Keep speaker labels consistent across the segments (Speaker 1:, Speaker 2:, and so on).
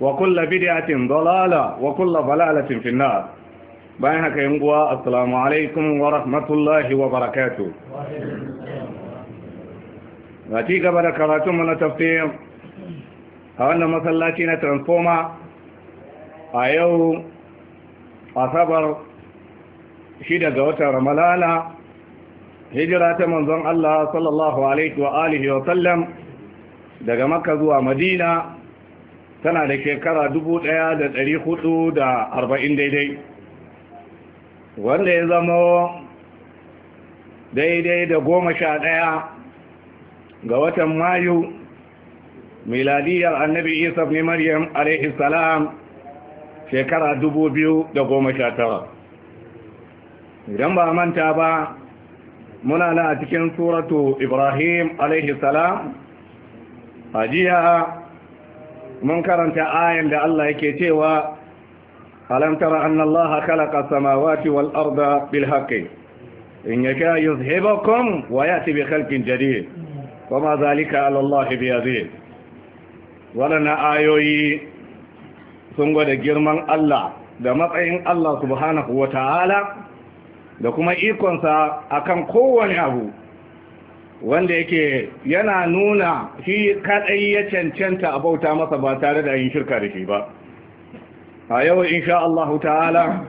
Speaker 1: وكل بدعة ضلالة وكل ضلالة في النار bayan haka yin guwa assalamu alaikum wa rahmatullahi wa barakatu na ci gaba da karatunmu na tafsir a wannan masallaci na transforma a yau asabar shida ga watan ramalala hijira ta manzon Allah daga makka zuwa madina tana da shekara da arba'in daidai wanda ya zama daidai da goma sha ɗaya ga watan mayu miladiyar annabi isa ne maryam alaihi salam shekara tara. idan ba manta ba muna na cikin suratu ibrahim alaihi salam a jiya mun karanta ayan da Allah yake cewa alam tara anna Allah khalaqa samawati wal arda bil haqqi in yaka yuzhibakum wa yati bi khalqin jadid wama zalika ala Allah bi aziz wannan ayoyi sun gwada girman Allah da matsayin Allah subhanahu wa ta'ala da kuma ikonsa akan kowane abu wanda yake yana nuna shi kadai ya cancanta a bauta masa ba tare da yin shirka da shi ba a yau insha Allah ta'ala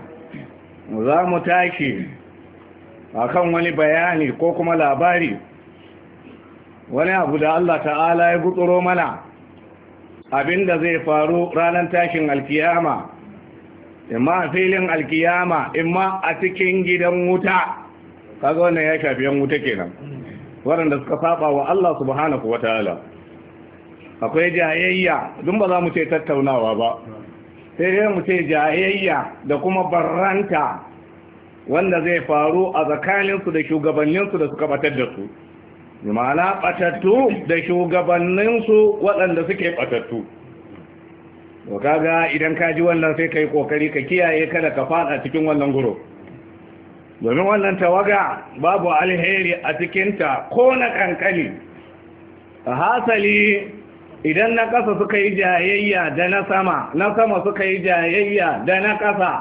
Speaker 1: za mu tashi kan wani bayani ko kuma labari wani abu da Allah ta'ala ya gutsuro mana abin da zai faru ranar tashin alkiyama imma a filin alkiyama imma a cikin gidan wuta kaga wannan ya shafi yan wuta kenan waɗanda suka saba wa Allah subhanahu wa ta'ala akwai jayayya don ba za mu ce tattaunawa ba sai dai mu ce jayayya da kuma baranta wanda zai faru a tsakaninsu da shugabanninsu da suka batar da su ma'ana batattu da shugabanninsu waɗanda suke batattu to kaga idan ka ji wannan sai ka yi kokari ka kiyaye kada ka faɗa cikin wannan guro domin wannan tawaga babu alheri a cikinta ko na a hasali idan na kasa suka yi jayayya da na sama na sama suka yi jayayya da na ƙasa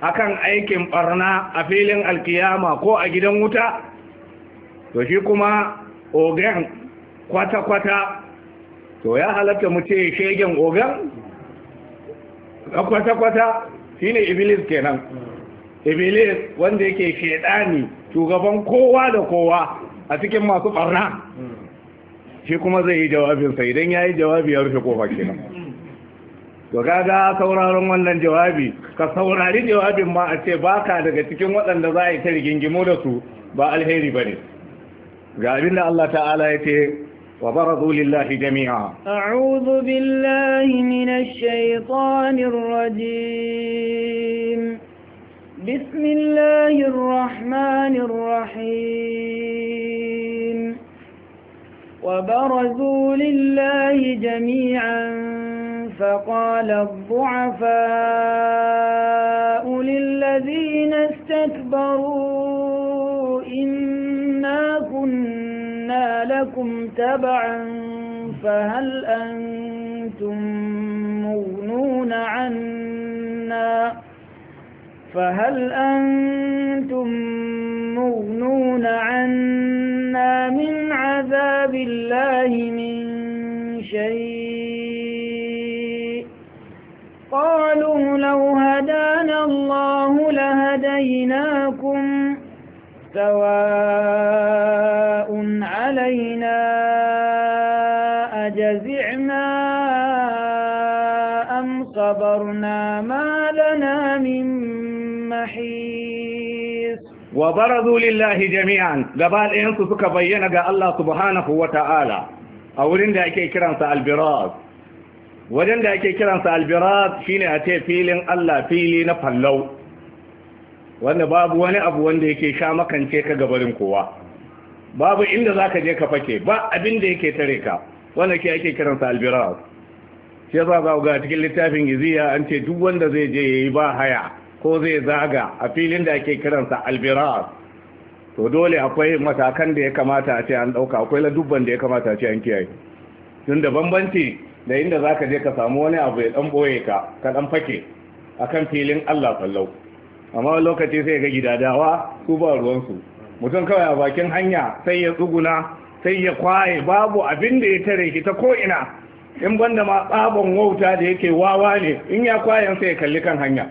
Speaker 1: akan aikin barna a filin alkiyama ko a gidan wuta to shi kuma ogan kwata-kwata to ya halatta mu ce shegen ogan kwata-kwata shine iblis kenan iblis wanda yake shedani shugaban kowa da kowa a cikin masu barna shi kuma zai yi jawabinsa idan ya yi jawabi ya rufe kofa kenan to kaga sauraron wannan jawabi ka saurari jawabin ma a ce baka daga cikin waɗanda za a yi ta rigingimo da su ba alheri bane ga abin da Allah ta'ala ya ce وبرزوا لله جميعا
Speaker 2: أعوذ بالله من الشيطان الرجيم بسم الله الرحمن الرحيم وبرزوا لله جميعا فقال الضعفاء للذين استكبروا إنا كنا لكم تبعا فهل أنتم مغنون عنا فهل أنتم مغنون عنا من عذاب الله من شيء قالوا لو هدانا الله لهديناكم سواء علينا أجزعنا أم صبرنا ما لنا من
Speaker 1: wa barazu lillahi jami'an gaba ɗayansu suka bayyana ga Allah subhanahu wa ta'ala a wurin da ake kiransa albiraz wajen da ake kiransa albiraz shine a ce filin Allah fili na fallau wanda babu wani abu wanda yake sha makance ka gabarin kowa babu inda zaka je ka fake ba abin da yake tare ka wanda ke ake kiransa albiraz shi yasa ga cikin littafin giziya an ce duk wanda zai je yayi ba haya ko zai zaga a filin da ake kiransa albirar to dole akwai matakan da ya kamata a ce an ɗauka akwai ladubban da ya kamata a ce an kiyaye tun da bambanci da inda za ka je ka samu wani abu ya ɗan boye ka ka dan fake a kan filin allah sallau amma lokaci sai ga gidadawa su ba ruwansu mutum kawai a bakin hanya sai ya tsuguna sai ya kwaye babu abin da ya tare ki ta ko'ina in banda ma tsabon wauta da yake wawa ne in ya kwayan sai ya kalli kan hanya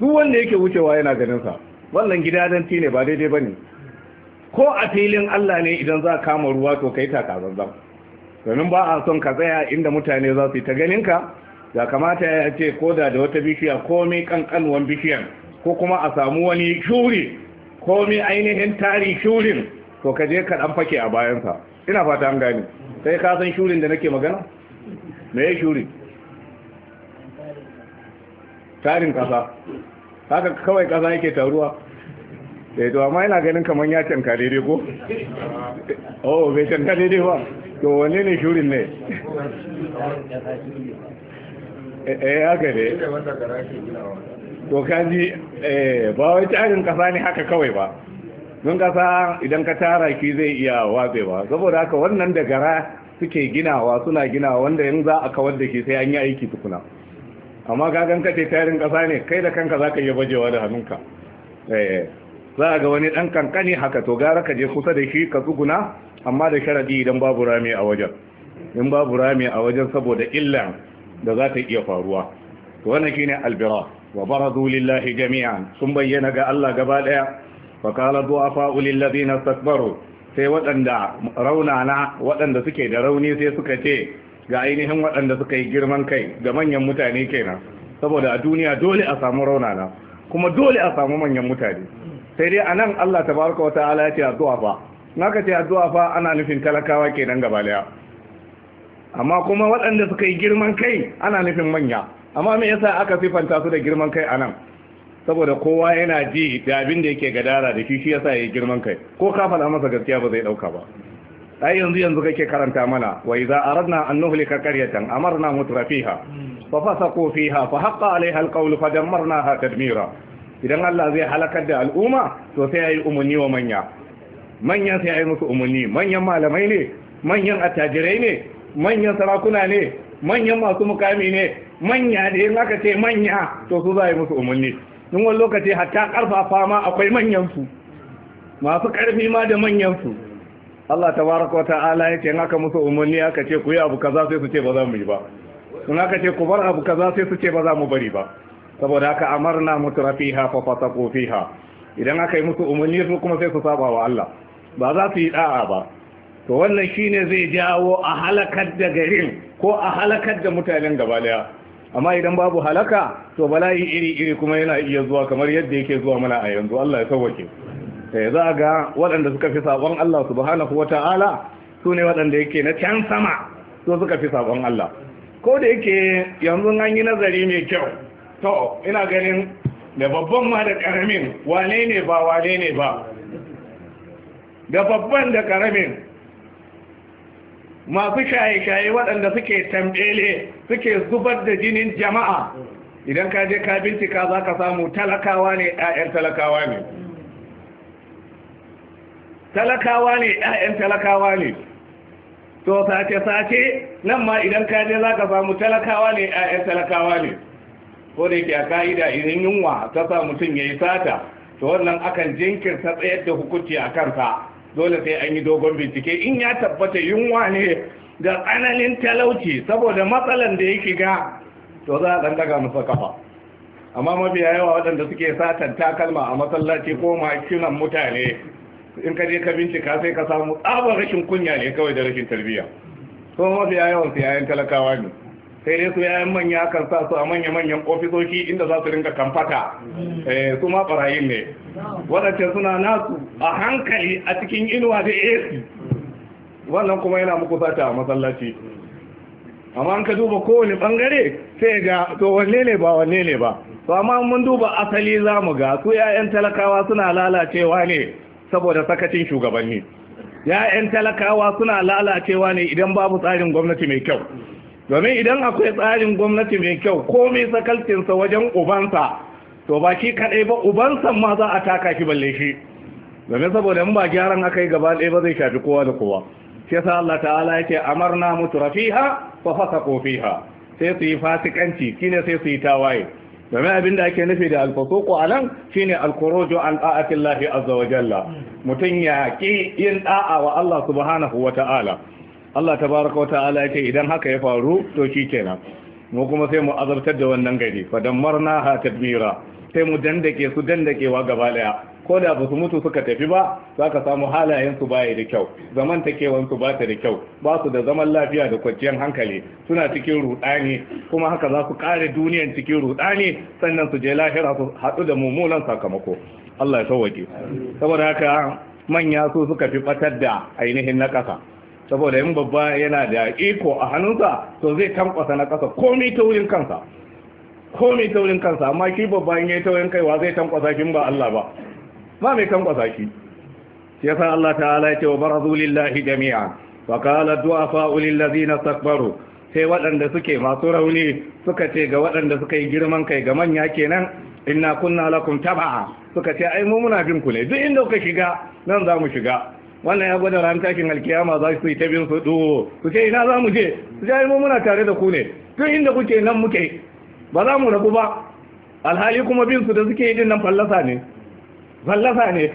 Speaker 1: duk wanda yake wucewa yana ganin sa wannan gidadanci ne ba daidai bane ko a filin Allah ne idan za kama ruwa to kai taka zanzan domin ba a son ka tsaya inda mutane za su yi ta ganin ka ya kamata ya ce ko da wata bishiya komai kankanwan bishiyan ko kuma a samu wani shuri komai ainihin tari shurin to ka je ka dan fake a bayansa ina fata an gani sai ka san shurin da nake magana me ya shuri tarin kasa haka kawai kasa yake taruwa sai eh, to amma ina ganin kamar ya canka daidai ko oh bai canka daidai ba to wanne ne shurin ne eh, eh haka ne to kaji eh ba wai tarin kasa ne haka kawai ba don kasa idan ka tara ki zai iya ba. saboda haka wannan da gara suke ginawa suna ginawa wanda yanzu za a kawar da ke sai an yi aiki tukuna amma kagan kace tarin kasa ne kai da kanka zaka iya bajewa da hannunka eh za ga wani dan kankani haka to gara ka je kusa da shi ka tsuguna amma da sharadi idan babu rami a wajen in babu rami a wajen saboda illan da za ta iya faruwa to wannan shine albira wa baradu lillahi jami'an sun bayyana ga Allah gaba daya fa qala du'afa lil ladina istakbaru sai waɗanda raunana waɗanda suke da rauni sai suka ce ga ainihin waɗanda suka yi girman kai ga manyan mutane kenan saboda a duniya dole a samu raunana kuma dole a samu manyan mutane sai dai anan Allah tabaraka wa ta'ala ya ce addu'a fa ka ce addu'a fa ana nufin talakawa kenan gaba daya amma kuma waɗanda suka yi girman kai ana nufin manya amma me yasa aka sifanta su da girman kai anan saboda kowa yana ji da abin da yake gadara da shi shi yasa yayi girman kai ko kafa masa gaskiya ba zai ɗauka ba ai yanzu yanzu kake karanta mana wa idza aradna an nuhlika qaryatan amarna mutrafiha hmm. fa fasaqu fiha fa haqa alaiha alqawlu fa damarnaha tadmira idan Allah zai halakar da al'umma to sai yayi umuni wa manya manya sai yayi musu umuni manyan malamai ne manyan attajirai ne manyan sarakuna ne manyan masu mukami ne manya da in aka ce manya to su za a yi musu umarni in wani lokaci hatta karfafa ma akwai manyansu masu karfi ma da manyansu Allah baraka wa ta'ala yace ce naka musu umarni aka ce ku yi abu kaza sai su ce ba za mu yi ba suna ka ce ku bar abu kaza sai su ce ba za mu bari ba saboda haka amarna mutrafiha fa fasaqu fiha idan aka yi musu umarni su kuma sai su saba wa Allah ba za su yi da'a ba to wannan shine zai jawo a halakar da garin ko a halakar da mutanen gaba daya amma idan babu halaka to bala'i iri iri kuma yana iya zuwa kamar yadda yake zuwa mana a yanzu Allah ya sauke Eh, za ga waɗanda suka fi saƙon Allah subhanahu ta'ala? su ne waɗanda yake na can sama su suka fi saƙon Allah ko da yake yanzu an yi nazari mai kyau to ina ganin da babban ma da ƙaramin, wane ne ba wane ne ba da babban da ƙaramin, masu shaye-shaye waɗanda suke tambele suke zubar da jinin jama'a idan ka je ka bincika za ka samu talakawa ne 'ya'yan talakawa ne talakawa ne ɗayan talakawa ne to sace-sace nan ma idan ka je za ka samu talakawa ne ɗayan talakawa ne ko da yake a ka'ida idan yunwa ta sa mutum ya yi sata to wannan akan jinkirta tsayar da hukunci a kansa dole sai an yi dogon bincike in ya tabbata yunwa ne da tsananin talauci saboda matsalan da ya ga to za a ɗanɗaga masa kafa amma mafiya yawa waɗanda suke satan takalma a masallaci ko makinan mutane in ka je ka bincika sai ka samu tsabar rashin kunya ne kawai da rashin tarbiyya ko mafi yawan su yayan talakawa ne sai dai su yayan manya kan sa su a manya manyan ofisoshi inda za su ringa kamfata eh, su ma barayin ne wadace suna nasu a hankali a cikin inuwa da AC wannan kuma yana muku sata a masallaci amma an ka duba kowane bangare sai ga to wanne ne ba wanne ne ba to amma mun duba asali za mu ga su 'ya'yan talakawa suna lalacewa ne saboda sakacin shugabanni ya'yan talakawa suna lalacewa ne idan babu tsarin gwamnati mai kyau domin idan akwai tsarin gwamnati mai kyau ko komai sakalcinsa wajen ubansa to ba shi kaɗai ba ubansa ma za a taka shi balle shi domin saboda in ba gyaran aka yi gaba ɗaya ba zai shafi kowa da kowa shi yasa Allah ta'ala yake amarna mutu rafiha fa fasaqu fiha sai su yi fasikanci shine sai su yi tawaye domin abin da ake nufi da alfasuku a nan shi ne alkurojo an ɗa'atin lafi azza mutum ya ki yin ɗa'a wa Allah subhanahu wa ta'ala Allah ta baraka wa ta'ala ya ce idan haka ya faru to shi kenan mu kuma sai mu azabtar da wannan gari fa dammarna ha tadmira sai mu dandake su dandakewa gaba daya ko da ba su mutu suka tafi ba za ka samu halayensu baya da kyau Zaman wansu ba ta da kyau ba su da zaman lafiya da kwanciyar hankali suna cikin rudani kuma haka za su kare duniyan cikin rudani sannan su je lahira su haɗu da mummunan sakamako Allah ya sauwaje saboda haka manya su suka fi batar da ainihin na ƙasa saboda yin babba yana da iko a hannunsa to zai tankwasa na ƙasa komai taurin kansa komai taurin kansa amma ki babba in yayi taurin kaiwa zai tankwasa kin ba Allah ba ba mai kan kwasa shi shi yasa Allah ta'ala yake wa barazu lillahi jami'a wa qala du'afa lil ladzina istakbaru sai waɗanda suke masu rauni suka ce ga waɗanda suka yi girman kai ga manya kenan inna kunna lakum tab'a suka ce ai mu muna bin ku ne duk inda kuka shiga nan za mu shiga wannan ya gwada ran takin alkiyama za su yi ta bin su duwo su ce ina za mu je su ce ai mu muna tare da ku ne duk inda kuke nan muke ba za mu rabu ba alhali kuma bin su da suke yi din nan fallasa ne fallafa ne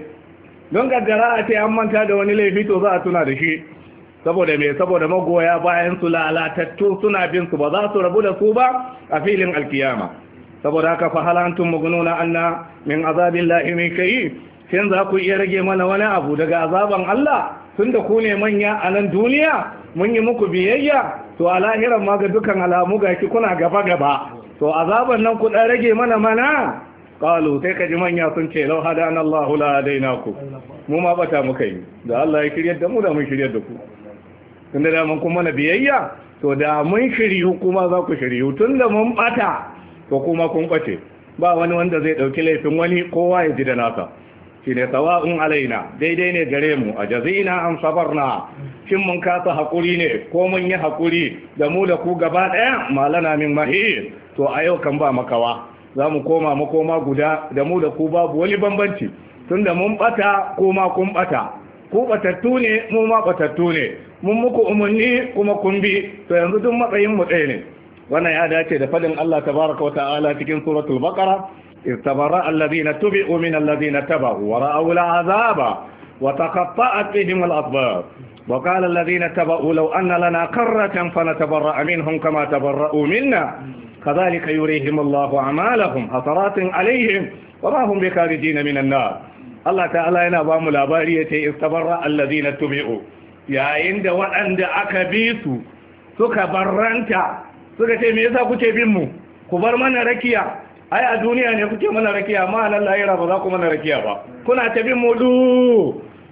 Speaker 1: don gaggara a ce an manta da wani laifi to za a tuna da shi saboda mai saboda magoya bayan su lalatattu suna bin su ba za su rabu da su ba a filin alkiyama saboda haka fa halantun magununa anna min azabin la'imin kai shin za ku iya rage mana wani abu daga azaban Allah tun da ku ne manya a nan duniya mun yi muku biyayya to a lahiran ma ga dukan alamu ga kuna gaba gaba to azaban nan ku dan rage mana mana Kalu sai ka ji manya sun ce law hadana Allah daina ku. mu ma bata muka yi da Allah ya shirya da mu da mun shirya da ku tunda da mun kuma na biyayya to da mun shiryu kuma za ku shiryu da mun bata to kuma kun bace ba wani wanda zai dauki laifin wani kowa ya ji da nasa shine in alaina daidai ne gare mu a jazina an na. shin mun kasa hakuri ne ko mun yi hakuri da mu da ku gaba daya malana min mahi to a yau kan ba makawa za mu koma makoma guda da mu da ku babu wani bambanci tun da mun bata kuma kun bata ku batattu ne mu ma batattu ne mun muku umarni kuma kun bi to yanzu duk matsayin mu ɗaya ne wannan ya dace da fadin Allah tabaraka wata'ala cikin suratul baqara istabara alladhina tubi'u min alladhina tabahu wa ra'aw al'azaba wa taqatta'at bihim وقال الذين تبعوا لو أن لنا كرة فنتبرأ منهم كما تبرأوا منا كذلك يريهم الله أعمالهم حسرات عليهم وما هم بخارجين من النار الله تعالى ينا بام لابارية استبرأ الذين اتبعوا يا عند bi su suka barranta suka ce me yasa kuke bin mu ku bar mana rakiya ai a duniya ne kuke mana rakiya amma nan lahira ba za ku mana rakiya ba kuna ta bin mu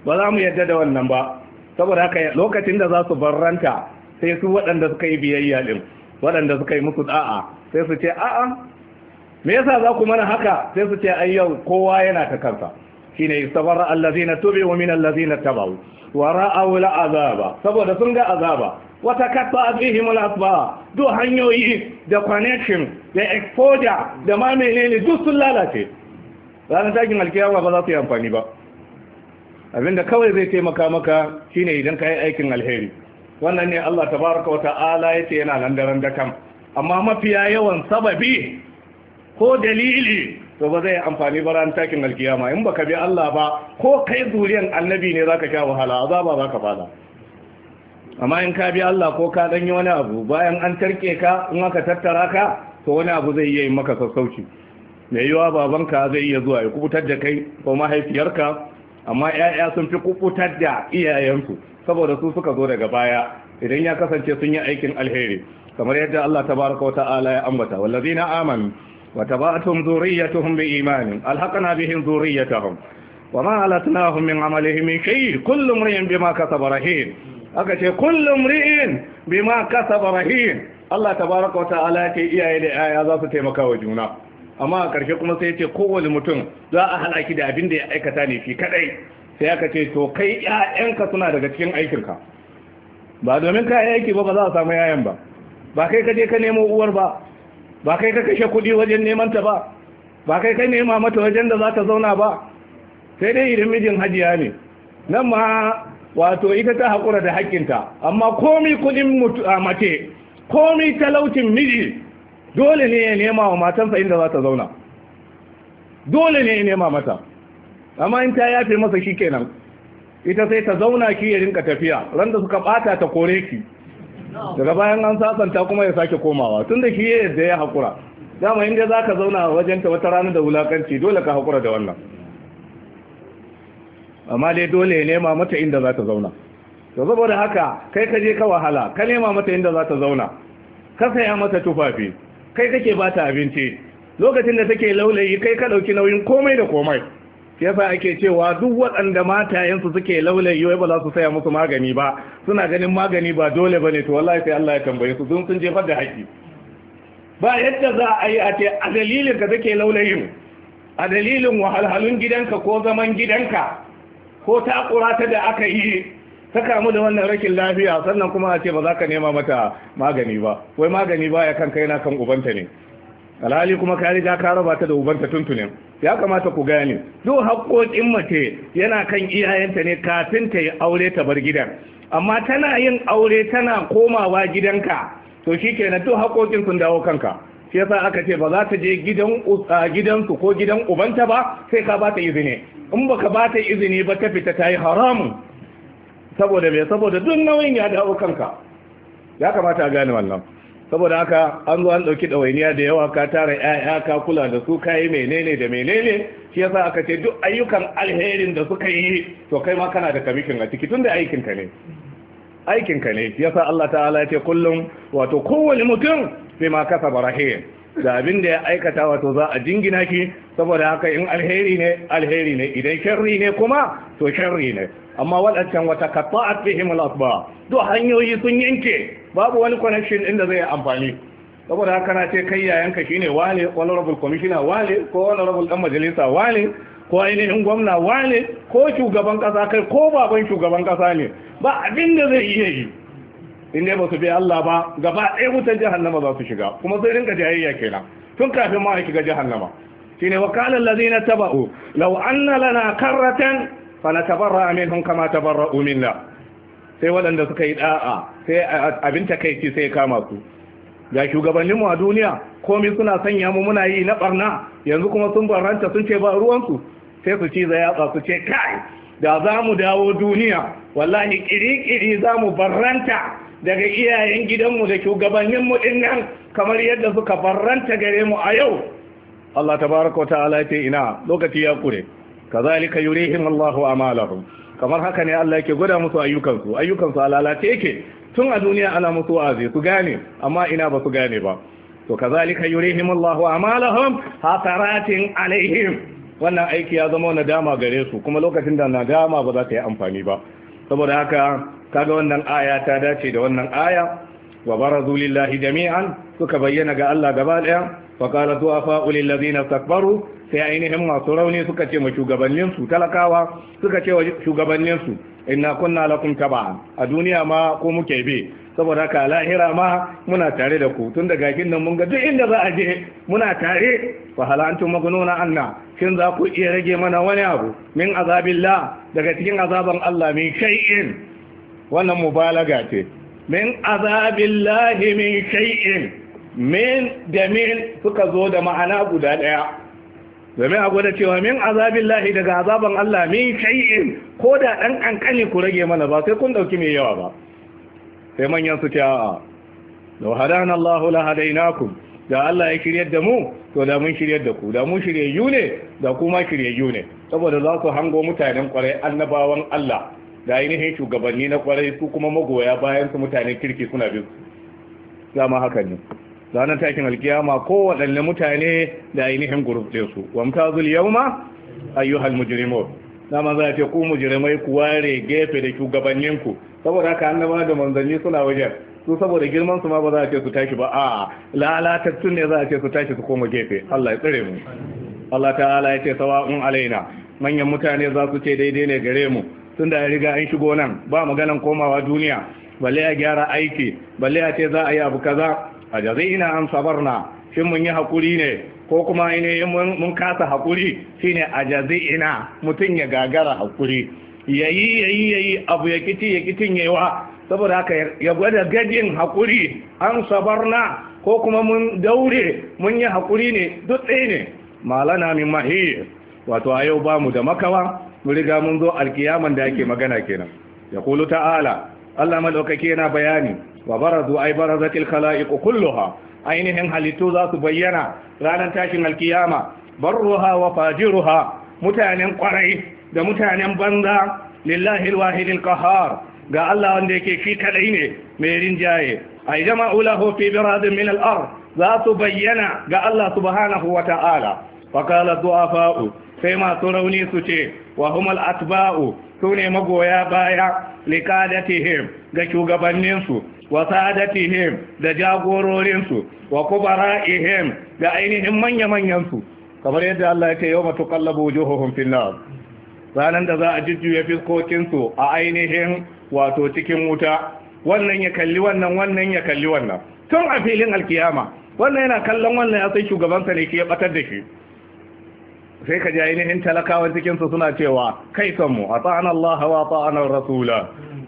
Speaker 1: ba za mu yadda da wannan ba saboda haka lokacin da za su barranta sai su waɗanda suka yi biyayya din waɗanda suka yi muku a'a sai su ce a'a me yasa za ku mana haka sai su ce ai yau kowa yana ta kansa shine istabara allazina tubi'u min allazina tabau wa ra'aw al'azaba saboda sun ga azaba wa takatta bihim al'asba do hanyoyi da connection da exposure da ma menene duk sun lalace ranar takin alkiyama ba za su yi amfani ba abinda kawai zai taimaka maka shine idan ka yi aikin alheri wannan ne Allah tabaraka wa ta'ala yace yana nan daren dakan amma mafiya yawan sababi ko dalili to ba zai amfani ba ran takin alkiyama in baka bi Allah ba ko kai zuriyan annabi ne zaka sha wahala azaba zaka fada amma in ka bi Allah ko ka dan yi wani abu bayan an tarke ka in aka tattara ka to wani abu zai iya yi maka sassauci mai yiwa babanka zai iya zuwa ya kubutar da kai ko mahaifiyarka amma 'ya'ya sun fi kubutar da iyayensu saboda su suka zo daga baya idan ya kasance sun yi aikin alheri kamar yadda Allah tabaraka wa ya ambata wallazina amanu wa tabatum bi biimanin alhaqna bihim zurriyyatuhum wama alatnahum min amalihim min shay kullu imrin bima kasaba rahin aka ce kullu imrin bima kasaba rahin Allah tabaraka wata'ala ke iyaye da yaya za su taimaka wa juna amma a ƙarshe kuma sai ya ce kowane mutum za a halaki da abin da ya aikata ne shi kadai sai aka ce to kai ƴaƴanka suna daga cikin aikinka ba domin ka aiki ba ba za a samu yayan ba ba kai ka je ka nemo uwar ba ba kai ka kashe kuɗi wajen neman ta ba ba kai ka nema mata wajen da za ta zauna ba sai dai idan mijin hajiya ne nan ma wato ita ta haƙura da haƙƙinta amma komi kuɗin mace komi talaucin miji dole ne ya nema wa matansa inda za ta zauna dole ne ya nema mata amma in ta yafe masa shi kenan ita sai ta zauna ki ya rinka tafiya ran da suka bata ta kore ki daga bayan an sasanta kuma ya sake komawa tun da shi yadda ya haƙura dama inda za ka zauna wajen ta wata rana da wulakanci dole ka haƙura da wannan amma dai dole ya nema mata inda za ta zauna to saboda haka kai ka je ka wahala ka nema mata inda za ta zauna ka saya mata tufafi kai kake ba ta abinci lokacin da take laulayi kai ka ɗauki nauyin komai da komai shi yasa ake cewa duk waɗanda matayensu suke laulayi wai ba za su saya musu magani ba suna ganin magani ba dole ba ne to wallahi sai Allah ya tambaye su sun sun jefar da haƙi ba yadda za a yi a ce a dalilin ka take laulayin a dalilin wahalhalun gidanka ko zaman gidanka ko ta ta da aka yi ta kamu da wannan rakin lafiya sannan kuma a ce ba za ka nema mata magani ba wai magani ba ya kai na kan ubanta ne alhali kuma ka riga ka raba ta da ubanta tuntunin ya kamata ku gane duk haƙoƙin mace yana kan iyayenta ne kafin ta yi aure ta bar gidan amma tana yin aure tana komawa gidanka to shikenan duk haƙoƙin sun dawo kanka shi yasa aka ce ba za ta je gidan gidansu ko gidan ubanta ba sai ka ba ta izini in baka ba ta izini ba ta fita ta yi haramun saboda me saboda duk nauyin ya dawo kanka ya kamata a gane wannan saboda haka an zo an ɗauki ɗawainiya da yawa ka tara ‘ya'ya ka kula da su kayi menene da menene shi yasa aka ce duk ayyukan alherin da suka yi to kai ma kana da kamishin a ciki tunda aikinka ne aikinka ne yasa Allah ta'ala ya ce kullum wato kowane mutum sai ma kasa barahin da abin da ya aikata wato za a jingina ki saboda haka in alheri ne alheri ne idan sharri ne kuma to sharri ne amma waɗancan wata katta'at bihim al-asba duk hanyoyi sun yanke babu wani connection inda zai amfani saboda haka na ce kai yayanka shine wale honorable commissioner wale ko honorable dan majalisa wale ko ainihin gwamna wale ko shugaban kasa kai ko baban shugaban kasa ne ba abin da zai iya yi in dai ba su bi Allah ba gaba ɗaya wutar jahannama za su shiga kuma sai rinka jayayya kenan tun kafin ma a shiga jahannama shine wakalan lazina taba'u law anna lana karratan fanatabarra hun kama umin da. sai waɗanda suka yi ɗa'a sai abin takaici sai kama su ga shugabannin mu a duniya komai suna sanya mu muna yi na ɓarna. yanzu kuma sun barranta sun ce ba ruwansu sai su ci yatsa su ce kai da za mu dawo duniya wallahi ƙiriƙiri ƙiri za mu barranta daga iyayen gidanmu da shugabanninmu nan kamar yadda suka barranta gare mu a yau Allah tabaraka wa ta'ala ya ce ina lokaci ya kure kazalika yurihim Allahu amalahum kamar haka ne Allah yake gwada musu ayyukansu ayyukansu a lalace yake tun a duniya ana musu wa'azi su gane amma ina ba su gane ba to kazalika yurihim Allahu amalahum hasaratin alaihim wannan aiki ya zama dama gare su kuma lokacin da nadama ba za ta yi amfani ba saboda haka kaga wannan aya ta dace da wannan aya wa barazu lillahi jami'an suka bayyana ga Allah gaba daya فقال ضعفاء للذين استكبروا sai ainihin masu rauni suka ce ma shugabanninsu talakawa suka ce wa shugabanninsu inna kunna lakum taba a duniya ma ko muke bi saboda ka lahira ma muna tare da ku tun daga kin nan mun ga duk inda za a je muna tare fa halantum magununa anna shin za ku iya rage mana wani abu min azabillah daga cikin azaban Allah min shay'in wannan mubalaga ce min azabillahi min shay'in min da min suka zo da ma'ana guda ɗaya domin a gwada cewa min azabin lahi daga azaban Allah min shai'in ko da ɗan ƙanƙani ku rage mana ba sai kun ɗauki mai yawa ba sai manyan su ce a'a lau hadana Allah la naku? da Allah ya shiryar da mu to da mun shiryar da ku da mun yu ne da kuma shiryayyu ne saboda za su hango mutanen kwarai annabawan Allah da ainihin shugabanni na kwarai su kuma magoya bayan su mutanen kirki suna bin su haka ne ranar takin alkiyama waɗanne mutane da ainihin guruf su wa yau ma ayyuhal na dama za ce ku mujirimai ku ware gefe da shugabanninku saboda haka annaba da manzanni suna wajen su saboda girman su ma ba za a ce su tashi ba a lalatattun ne za a ce su tashi su koma gefe Allah ya tsare mu Allah ta'ala ya ce sawa'un alaina manyan mutane za su ce daidai ne gare mu tun da ya riga an shigo nan ba maganan komawa duniya balle a gyara aiki balle a ce za a yi abu kaza a an sabarna shin mun yi hakuri ne ko kuma ainihin mun kasa hakuri shine a mutum ya gagara hakuri yayi yayi yayi abu ya kiti ya kitin wa saboda haka ya gwada gajin hakuri an sabarna ko kuma mun daure mun yi hakuri ne duk ɗaya ne malana min mahi wato a yau ba mu da makawa mu riga mun zo alkiyaman da ake magana kenan ya kulu ta'ala Allah madaukake yana bayani wa barazu ay barazatil khalaiq kulluha ainihin halittu za su bayyana ranar tashin alkiyama barruha wa fajiruha mutanen kwarai da mutanen banza lillahi alwahidil qahar ga Allah wanda yake shi kadai ne mai rinjaye ay jama'u lahu fi biradin min al-ard za su bayyana ga Allah subhanahu wa ta'ala fa du'afa'u sai masu rauni su ce wa humal atba'u su ne magoya baya likadatihim ga shugabanninsu wa sadatihim da jagororinsu wa kubara'ihim da ainihin manya-manyansu kamar yadda Allah ya ce yau matu kallabu jihohun finnar ranar da za a jujjuya fiskokinsu a ainihin wato cikin wuta wannan ya kalli wannan wannan ya kalli wannan tun a filin alkiyama wannan yana kallon wannan ya sai shugabansa ne ke ya batar da shi sai ka ji ainihin talakawa cikinsu suna cewa kai sanmu a ta'an Allah wa ta'anar rasula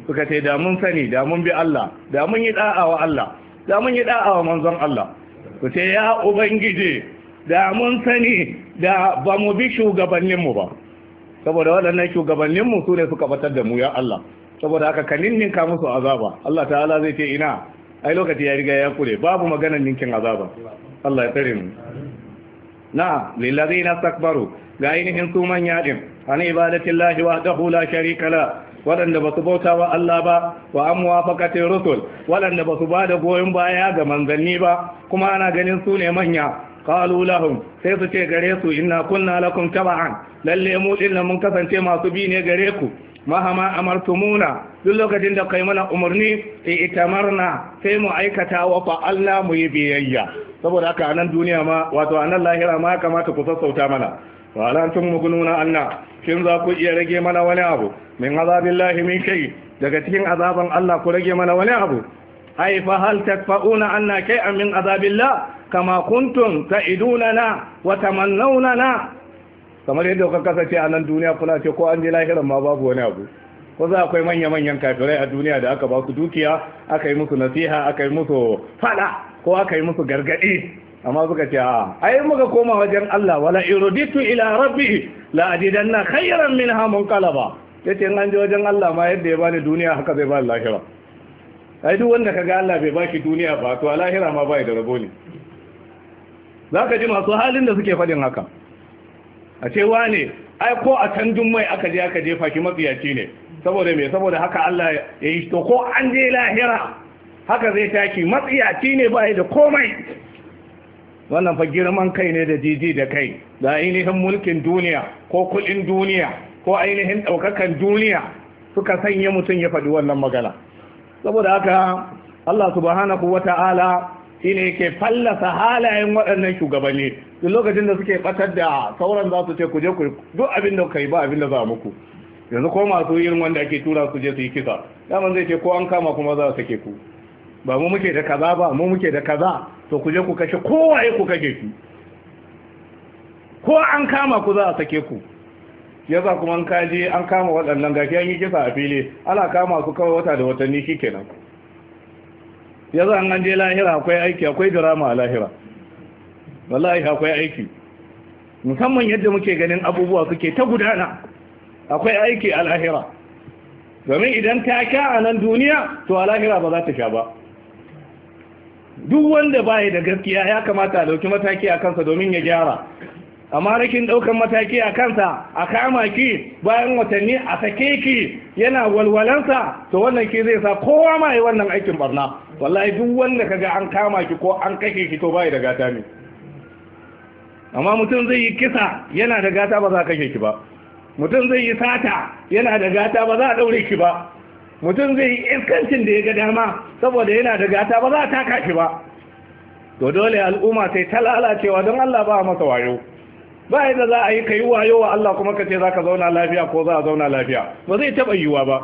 Speaker 1: suka ce da mun sani da mun bi Allah da mun yi da'a wa Allah da mun yi da'a wa manzon Allah su ce ya ubangiji da mun sani da ba mu bi shugabanninmu ba saboda waɗannan shugabanninmu su ne suka batar da mu ya Allah saboda haka ka ninninka musu azaba Allah ta'ala zai ce ina ai lokaci ya riga ya kure babu maganar ninkin azaba Allah ya tsare mu na'am lillazina sakbaru ga ainihin su manya din an ibadatillahi wahdahu la sharika la waɗanda ba su bauta wa Allah ba wa an muwafaqatir rusul waɗanda ba su ba da goyon baya ga manzanni ba kuma ana ganin su ne manya qalu lahum sai su ce gare su inna kunna lakum taba'an lalle mu dinna mun kasance masu bi ne gare ku mahama amartumuna duk lokacin da kai mana umarni itamarna sai mu aikata wa Allah mu yi biyayya saboda haka anan duniya ma wato anan lahira ma kamata ku sassauta mana wala antum mugununa anna kin za ku iya rage mana wani abu min azabillahi min shay daga cikin azaban Allah ku rage mana wani abu ai fa hal takfauna anna shay'an min azabillah kama kuntum na wa na kamar yadda kuka kasance anan duniya kuna ce ko an je lahiran ma babu wani abu ko za akwai manya-manyan kafirai a duniya da aka ba su dukiya aka yi musu nasiha aka yi musu fada ko aka yi musu gargadi amma suka ce a ai muka koma wajen Allah wala iruditu ila rabbi la ajidanna khayran minha munqalaba yace in an je wajen Allah ma yadda ya bani duniya haka zai bani lahira ai duk wanda kaga Allah bai baki duniya ba to lahira ma bai da rabo ne zaka ji masu halin da suke fadin haka a ce wane ai ko a can mai aka je aka jefa ki matsiyaci ne saboda me saboda haka Allah ya yi to ko an je lahira haka zai taki matsiyaci ne ba da komai wannan fa girman kai ne da jiji da kai da ainihin mulkin duniya ko kudin duniya ko ainihin daukakan duniya suka sanya mutum ya faɗi wannan magana saboda haka Allah subhanahu wata'ala shine ke fallasa halayen waɗannan shugabanni duk lokacin da suke batar da sauran za su ce ku je ku duk abin da kai ba abin da za muku yanzu ko masu yin wanda ake tura su je su yi kisa daman zai ce ko an kama kuma za su sake ku ba mu muke da kaza ba mu muke da kaza to ku je ku kashe kowaye ku kashe shi ko an kama ku za a sake ku yasa kuma an kaje an kama waɗannan gashi an yi kisa a fili ana kama su kawai wata da watanni shikenan yasa an je lahira akwai aiki akwai drama a lahira wallahi akwai aiki musamman yadda muke ganin abubuwa suke ta gudana akwai aiki a lahira domin idan ta sha a nan duniya to a lahira ba za ta sha ba duk wanda baya da gaskiya ya kamata a dauki mataki a kansa domin ya gyara amma rakin daukan mataki a kansa a kama ki bayan watanni a sake ki yana walwalansa to wannan ki zai sa kowa ma yi wannan aikin barna wallahi duk wanda kaga an kama ki ko an kake ki to baya da gata ne amma mutum zai yi kisa yana da gata ba za a kake ki ba mutum zai yi sata yana da gata ba za a daure ki ba mutum zai yi iskancin da ya ga dama saboda yana da gata ba za a taka shi ba to dole al'umma sai ta lalacewa don Allah ba masa wayo ba da za a yi ka yi wayo wa Allah kuma ka ce za ka zauna lafiya ko za a zauna lafiya ba zai taɓa yiwuwa ba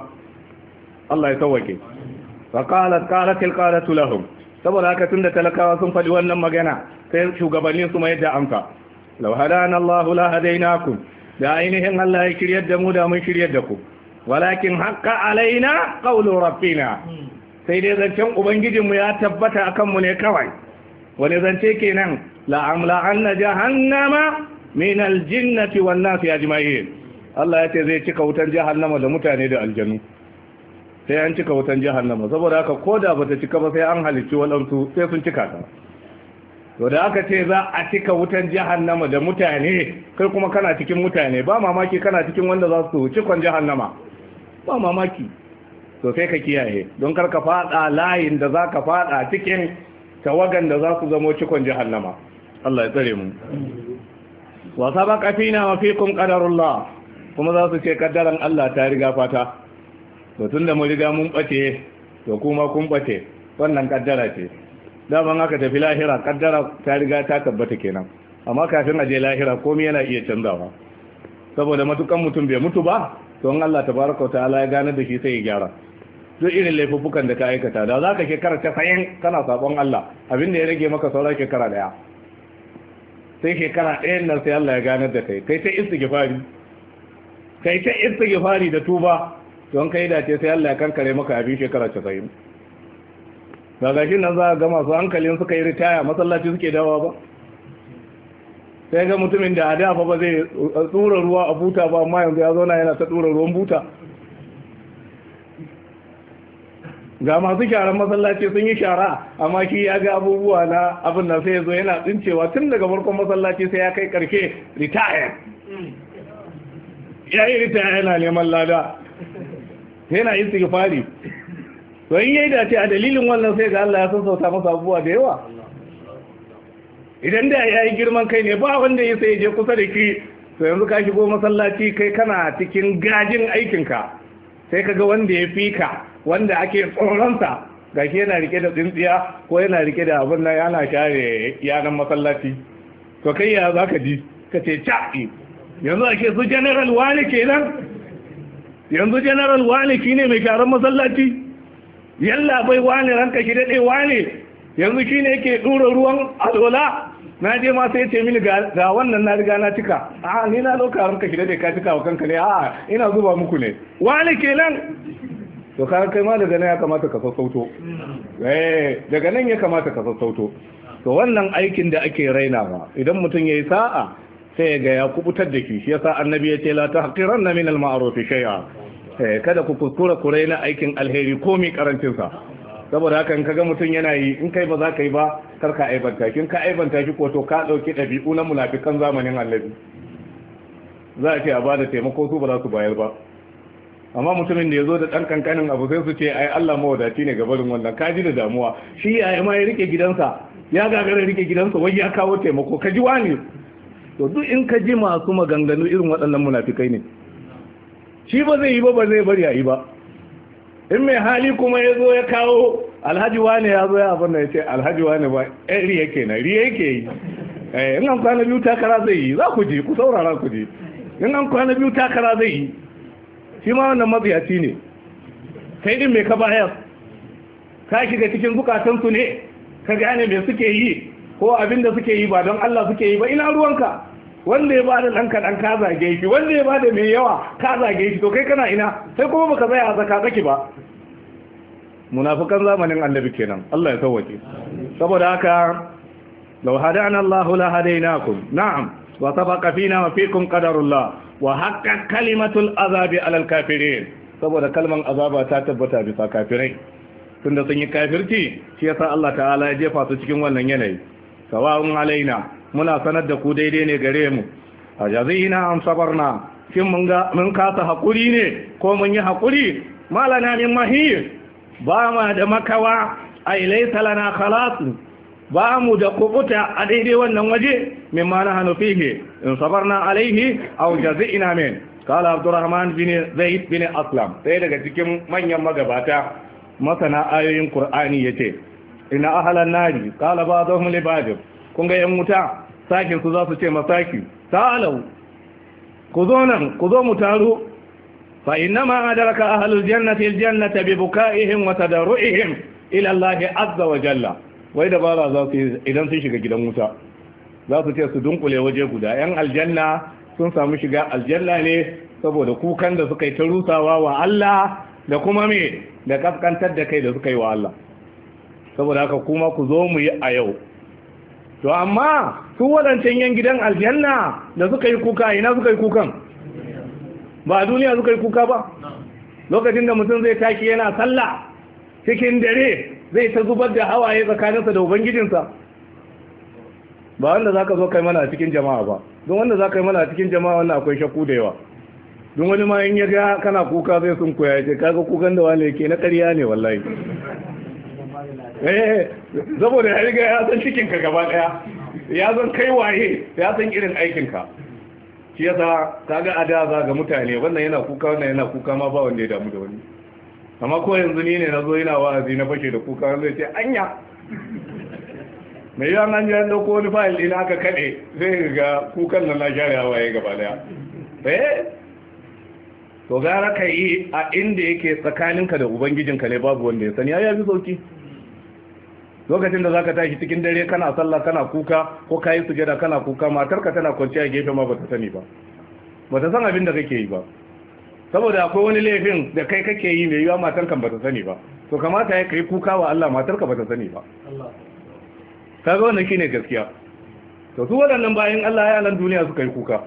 Speaker 1: Allah ya tawake fa qalat qalat alqalatu lahum saboda haka tunda talakawa sun faɗi wannan magana sai shugabannin su mai da amsa law hadana Allah la da ainihin Allah ya shiryar da mu da mun kiryar da ku walakin haƙa alaina ƙaunar rabbina sai dai zancen ubangijinmu ya tabbata a kanmu ne kawai wani zance kenan la'amla an na jahannama min aljinnati ya ji ajma'in Allah ya ce zai cika wutan jahannama da mutane da aljanu sai an cika wutan jahannama saboda haka ko koda bata cika ba sai an halicci waɗansu sai sun cika ta to da aka ce za a cika wutan jahannama da mutane kai kuma kana cikin mutane ba mamaki kana cikin wanda za su cikon jahannama ba mamaki to sai ka kiyaye don kar ka fada layin da za ka fada cikin tawagan da za su zamo cikon jahannama Allah ya tsare mu wa sabaka fina wa fiikum qadarullah kuma za su ce kaddaran Allah ta riga fata to tunda mu riga mun bace to kuma kun bace wannan kaddara ce daman aka tafi lahira kaddara ta riga ta tabbata kenan amma kafin a je lahira komai yana iya canzawa saboda matukan mutum bai mutu ba don Allah Ta Baraka wa ta'ala ya gane da shi sai ya gyara duk irin laifuffukan da ka aikata da za ka shekara casa'in kana sabon Allah abinda ya rage maka saura shekara daya sai shekara ɗayan nan sai Allah ya ganar da kai kai ta istighfari kai ta istighfari da tuba don kai da ce sai Allah ya kankare maka abin shekara casa'in ba ga shi nan za ga masu hankalin suka yi ritaya masallaci suke dawa ba sai ga mutumin da da fa ba zai tsura ruwa a buta ba amma yanzu ya zauna yana ta tsura ruwan buta ga masu sharan masallaci sun yi shara amma shi ya ga abubuwa na abin nan sai ya zo yana tsincewa tun daga farkon masallaci sai ya kai karshe retire ya yi retire yana neman lada yana istighfari to in yayi dace a dalilin wannan sai ga Allah ya sassauta masa abubuwa da yawa idan da ya yi girman kai ne ba wanda ya sai je kusa da ki to yanzu ka shigo masallaci kai kana cikin gajin aikinka sai ka ga wanda ya fi ka wanda ake tsoronsa ga shi yana rike da tsintsiya ko yana rike da abin nan yana share yanan masallaci to kai ya za ka ji ka ce ca'i eh. yanzu ake su general wani nan yanzu general wani ne mai sharan masallaci yalla bai wani ranka shi daɗe wani yanzu shi ne ke ɗura ruwan alola. na je ma sai ya ce mini ga wannan na riga na cika a ni na dauka ranka ki dade ka cika wa kanka ne a ina zuba muku ne wani kenan to ka kai ma daga nan ya kamata ka sassauto eh daga nan ya kamata ka sassauto to wannan aikin da ake rainawa idan mutum yayi sa'a sai ga ya kubutar da shi shi yasa annabi ya ce la tahqiran min al-ma'ruf shay'a eh, kada ku kuskura ku raina aikin alheri ko mi karancin saboda haka in kaga mutum yana yi in kai ba za ka yi ba kar ka aibanta kin ka aibanta shi ko to ka dauki dabi'u na munafikan zamanin annabi za a ce a bada taimako su ba za su bayar ba amma mutumin da ya zo da ɗan kankanin abu sai su ce ai Allah mawadaci ne gabarin wannan ka ji da damuwa shi ya ma ya rike gidansa ya gagara rike gidansa wai ya kawo taimako ka ji wani to duk in ka ji masu maganganu irin waɗannan munafikai ne shi ba zai yi ba ba zai bari a yi ba in mai hali kuma ya zo ya kawo alhaji wane ya zo ya abin da ya ce alhaji wane ba yan eh, riya ke na riya yake yi eh, in an kwana biyu takara zai yi za ku je ku saurara ku je in an kwana biyu takara zai yi shi ma wannan mabiyaci ne sai din mai ka bayar ka shiga cikin bukatansu ne ka gane me suke yi ko abin da suke yi ba don Allah suke yi ba ina ruwanka wanda ya bada ɗan kaɗan ka zage shi wanda ya bada mai yawa ka zage shi to kai kana ina sai kuma baka tsaya a zaka zaki ba munafikan zamanin annabi kenan Allah ya sauwake saboda haka law hadana Allah la hadainakum na'am wa sabaqa fina wa fikum qadarullah wa haqqa kalimatul azabi alal kafirin saboda kalman azaba ta tabbata bisa kafirai tunda sun yi kafirci shi yasa Allah ta'ala ya jefa su cikin wannan yanayi sawa'un alaina muna sanar da ku daidai ne gare mu A ajazina na, sabarna shin mun mun kasa haƙuri ne ko mun yi haƙuri? malana min mahir ba ma da makawa A ilai talana khalas ba mu da kubuta a daidai wannan waje min ma na hannu fihe in sabarna alaihi aw jazina min Kala abdurrahman bin zaid bin aslam sai daga cikin manyan magabata masana ayoyin qur'ani yace ina ahlan nari qala ba'dhum li ba'd kun ga yan wuta sakin su za su ce masaki ta'alau ku zo nan ku zo mu taru fa innama adraka ahlul jannati aljannata bi bukaihim wa tadarruihim ila Allah azza wa jalla wai dabara za su idan sun shiga gidan wuta za su ce su dunkule waje guda yan aljanna sun samu shiga aljanna ne saboda kukan da suka yi ta rusawa wa Allah da kuma me da kaskantar da kai da suka yi wa Allah saboda haka kuma ku zo mu yi a yau to amma su waɗancan yan gidan aljanna da suka yi kuka ina suka yi kukan ba a duniya suka yi kuka ba lokacin da mutum zai taki yana sallah cikin dare zai ta zubar da hawaye tsakaninsa da ubangijinsa ba wanda za ka zo kai mana a cikin jama'a ba don wanda za ka yi mana a cikin jama'a wannan akwai shakku da yawa don wani ma in ya ga kana kuka zai sun koya ya ce kaga kukan da wani ke na karya ne wallahi eh saboda ya riga ya san cikin ka gaba daya ya san kai waye ya san irin aikin ka shi yasa kaga ada za ga mutane wannan yana kuka wannan yana kuka ma ba wanda ya damu da wani amma ko yanzu ni ne na zo yana wa'azi na fashe da kuka wanda ce anya mai yawan an jiran dauko wani fayil ɗin aka kaɗe zai ga kukan nan na share hawaye gaba daya eh to gara ka yi a inda yake tsakaninka da ubangijinka ne babu wanda ya sani ya yi sauki lokacin da ka tashi cikin dare kana sallah kana kuka ko kayi sujada kana kuka matarka tana kwanciya gefe ma bata sani ba bata san abin da kake yi ba saboda akwai wani laifin da kai kake yi mai yiwa matarka bata sani ba to kamata ya kai kuka wa Allah matarka bata sani ba kaga wannan shine gaskiya to su waɗannan bayan Allah ya nan duniya suka yi kuka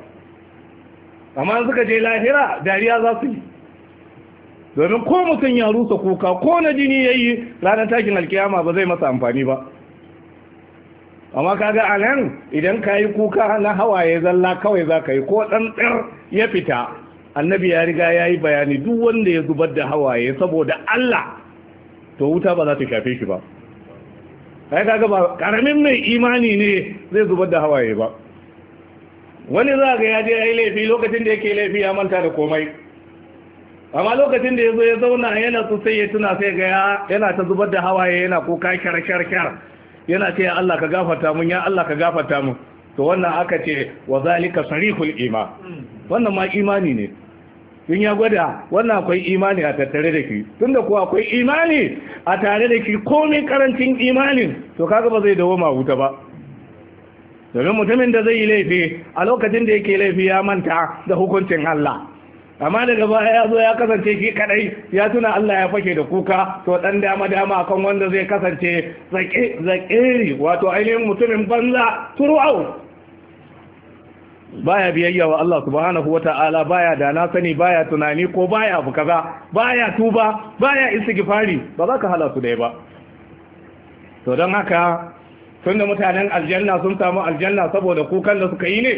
Speaker 1: amma suka je lahira dariya za su yi domin ko mutum ya rusa kuka ko na jini ya yi ranar takin alkiyama ba zai masa amfani ba amma kaga a nan idan ka yi kuka na hawaye zalla kawai za ka yi ko ɗan ɗar ya fita annabi ya riga ya yi bayani duk wanda ya zubar da hawaye saboda allah to wuta ba za ta shafe shi ba kai kaga ba karamin mai imani ne zai zubar da hawaye ba wani za ga ya je ya yi laifi lokacin da yake laifi ya manta da komai amma lokacin da ya zo ya zauna yana su sai ya tuna sai ga yana ta zubar da hawaye yana kuka kyar kyar kyar yana ce Allah ka gafarta mun ya Allah ka gafarta mun to wannan aka ce wa zalika sarihul iman wannan ma imani ne in ya gwada wannan akwai imani a tattare da ki tunda ko akwai imani a tare da ki komai karancin imanin to kaga ba zai dawo ma wuta ba domin mutumin da zai yi laifi a lokacin da yake laifi ya manta da hukuncin Allah amma daga baya ya zo ya kasance shi kadai ya tuna Allah ya fashe da kuka to dan dama dama akan wanda zai kasance zakiri wato ainihin mutumin banza turu'au baya biyayya wa Allah subhanahu wata'ala baya da na sani baya tunani ko baya abu kaza baya tuba baya istighfari ba za ka hala su dai ba to don haka tunda mutanen aljanna sun samu aljanna saboda kukan da suka yi ne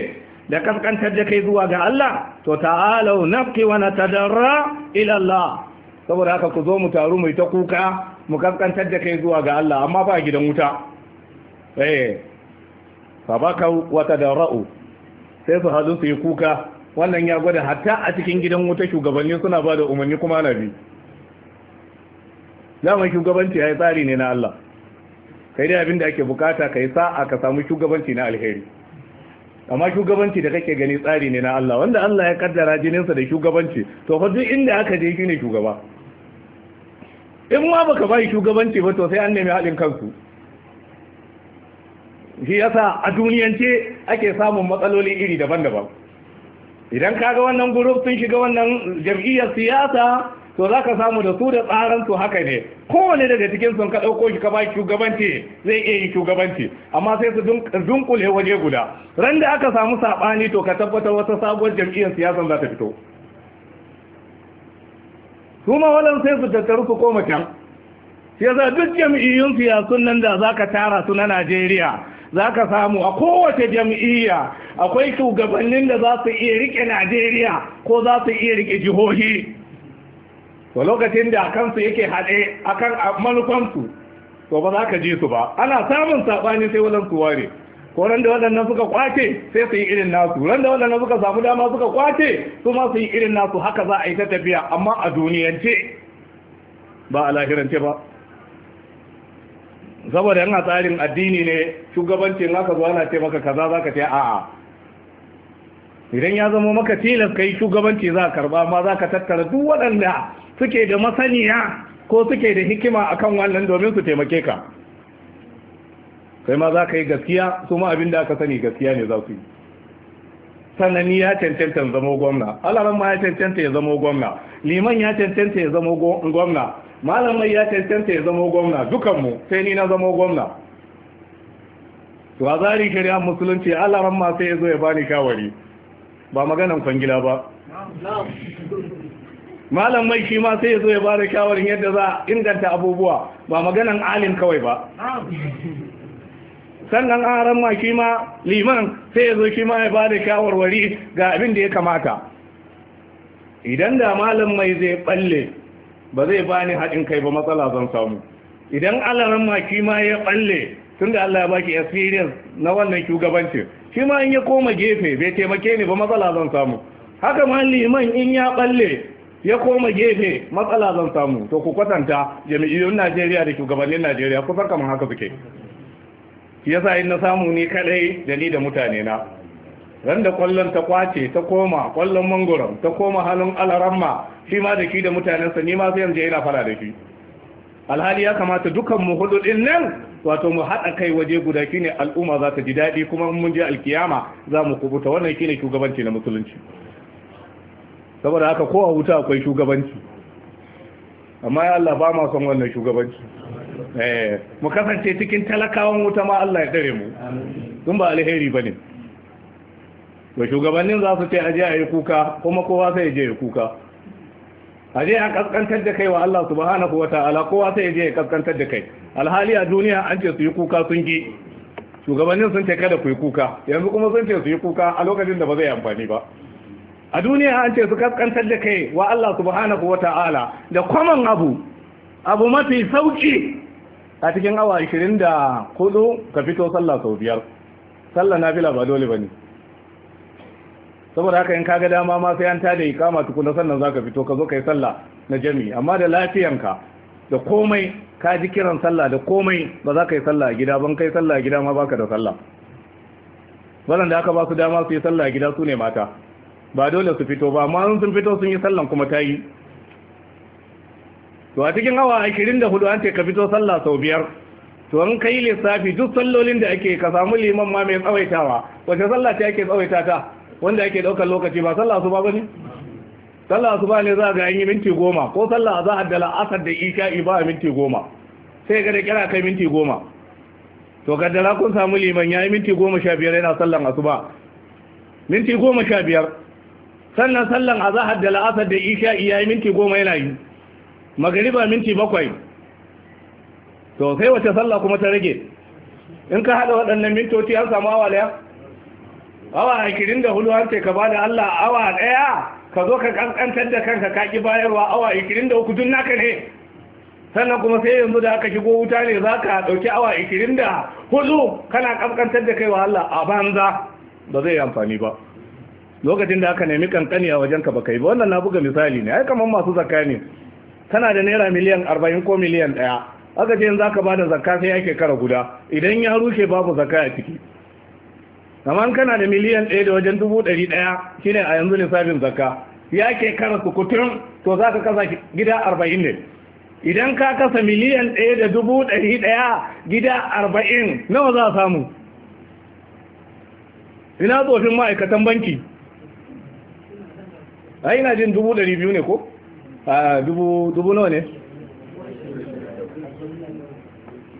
Speaker 1: da kaskantar da kai zuwa ga Allah to ta'alau nafki wa natadarra ila Allah saboda haka ku zo mu taru mu ta kuka mu kaskantar da kai zuwa ga Allah amma ba gidan wuta eh fabakau wa tadarra'u sai su hadu su yi kuka wannan ya gwada hatta a cikin gidan wuta shugabanni suna ba da umarni kuma na bi zaman shugabanci ya tsari ne na Allah kai dai abin da ake bukata kai sa sa'a ka samu shugabanci na alheri amma shugabanci da kake gani tsari ne na Allah wanda Allah ya kaddara jininsa da shugabanci to fa duk inda aka je shine shugaba in ma baka bai shugabanci ba to sai an nemi haɗin kansu shi yasa a duniyance ake samun matsaloli iri daban-daban idan kaga wannan group sun shiga wannan jam'iyyar siyasa to za ka samu da su da tsaransu haka ne kowane daga cikin sun ka ɗauko shi ka ba shugabanci zai iya yi shugabanci amma sai su dunkule waje guda ran da aka samu saɓani to ka tabbatar wata sabuwar jam'iyyar siyasan za ta fito su ma wannan sai su tattaru su koma can ya za duk jam'iyyun siyasun nan da za ka tara su na najeriya za ka samu a kowace jam'iyya akwai shugabannin da za su iya rike najeriya ko za su iya rike jihohi to lokacin da kansu yake haɗe akan manufansu to ba za ka ji su ba ana samun saɓani sai su ware ko ran da waɗannan suka kwace sai su yi irin nasu ran da waɗannan suka samu dama suka kwace su ma su yi irin nasu haka za a yi ta tafiya amma a duniyance ba a lahirance ba saboda yana tsarin addini ne shugabancin haka zuwa na ce maka kaza za ka ce a'a idan ya zama maka tilas kai shugabanci za a karba ma za ka tattara duk waɗanda suke da masaniya ko suke da hikima akan wannan domin su taimake ka Sai ma za ka yi gaskiya su ma abin da aka sani gaskiya ne za su yi sannan ya cancanta ya zama gwamna alaran ma ya cancanta ya zama gwamna liman ya cancanta ya zama gwamna malamai ya cancanta ya zama gwamna dukanmu sai ni na zama gwamna to a tsari shari'ar musulunci alaran ma sai ya zo ya bani shawari ba maganan kwangila ba malam mai shi ma sai ya zo ya ba da shawarin yadda za a inganta abubuwa ba maganan alim kawai ba sannan ran ma shi ma liman sai ya zo shi ma ya ba da shawarwari ga abin da ya kamata idan da malam mai zai balle ba zai ba ni haɗin kai ba matsala zan samu idan alaran ma shi ma ya balle tun da Allah ya ki experience na wannan shugabancin shi ma in ya koma gefe bai taimake ni ba matsala zan samu haka ma liman in ya balle ya koma gefe matsala zan samu to ku kwatanta jami'iyyun Najeriya da shugabannin Najeriya kusan mun haka suke yasa in na samu ni kadai da ni da mutane na ran da kwallon ta kwace ta koma kwallon mangoron ta koma halin alaramma shi ma da shi da mutanensa ni ma sai yanzu yana fara da shi alhali ya kamata dukan mu hudu din nan wato mu haɗa kai waje guda shine al'umma za ta ji daɗi kuma mun je alkiyama za mu kubuta wannan shine shugabanci na musulunci saboda haka ko a wuta akwai shugabanci amma ya Allah ba ma son wannan shugabanci eh mu kasance cikin talakawan wuta ma Allah ya dare mu kun ba alheri bane to shugabannin za su ce aje ayi kuka kuma kowa sai je ya kuka a je a kaskantar da kai wa Allah subhanahu wa ta'ala kowa sai je ya kaskantar da kai alhali a duniya an ce su yi kuka sun ji shugabannin sun ce kada ku yi kuka yanzu kuma sun ce su yi kuka a lokacin da ba zai amfani ba a duniya an ce su kaskantar da kai wa Allah subhanahu wa ta'ala da kwaman abu abu mafi sauki a cikin awa 24 ka fito sallah sau biyar sallah na nafila ba dole bane saboda haka in kaga dama ma sai an tada ikama tukuna sannan zaka fito ka zo kai sallah na jami amma da lafiyanka da komai ka ji kiran sallah da komai ba za ka yi sallah a gida ban kai sallah a gida ma baka da sallah wannan da aka ba su dama su yi sallah a gida su ne mata ba dole su fito ba amma sun fito sun yi sallan kuma ta yi to a cikin awa 24 an ce ka fito sallah sau biyar to an kai lissafi duk sallolin da ake ka samu liman ma mai tsawaitawa wace sallah ce ake tsawaita ta wanda yake daukar lokaci ba sallah su ba bane sallah su ba ne za ga yi minti goma ko sallah za a da la'asar da isha'i ba minti goma sai ga da kira kai minti goma to kaddara kun samu liman ya yi minti goma sha biyar yana sallan asuba minti goma sha biyar sannan sallan azahar da la'asar da isha'i ya yi minti goma yana yi ba minti bakwai to sai wace sallah kuma ta rage in ka haɗa waɗannan mintoci an samu awa awa ikirin da hudu an ce ka bada Allah awa daya ka zo ka kankantar da kanka ka ki bayarwa awa ashirin da uku dun naka ne sannan kuma sai yanzu da aka shigo wuta ne za ka ɗauki awa ashirin da hudu kana kankantar da kai wa Allah a banza ba zai yi amfani ba lokacin da aka nemi kankani a wajenka ba kai ba wannan na buga misali ne ai kamar masu zakka ne kana da naira miliyan arba'in ko miliyan ɗaya aka ce za ka ba da zakka sai ake kara guda idan ya rushe babu zakka a ciki kamar kana da miliyan ɗaya da wajen dubu ɗari ɗaya shi ne a yanzu lissafin zakka ya ke kara kuturin to za ka kasa gida arba'in ne idan ka kasa miliyan ɗaya da dubu ɗari ɗaya gida arba'in nawa za a samu ina tsofin ma'aikatan banki a ina jin dubu ɗari biyu ne ko a dubu nawa ne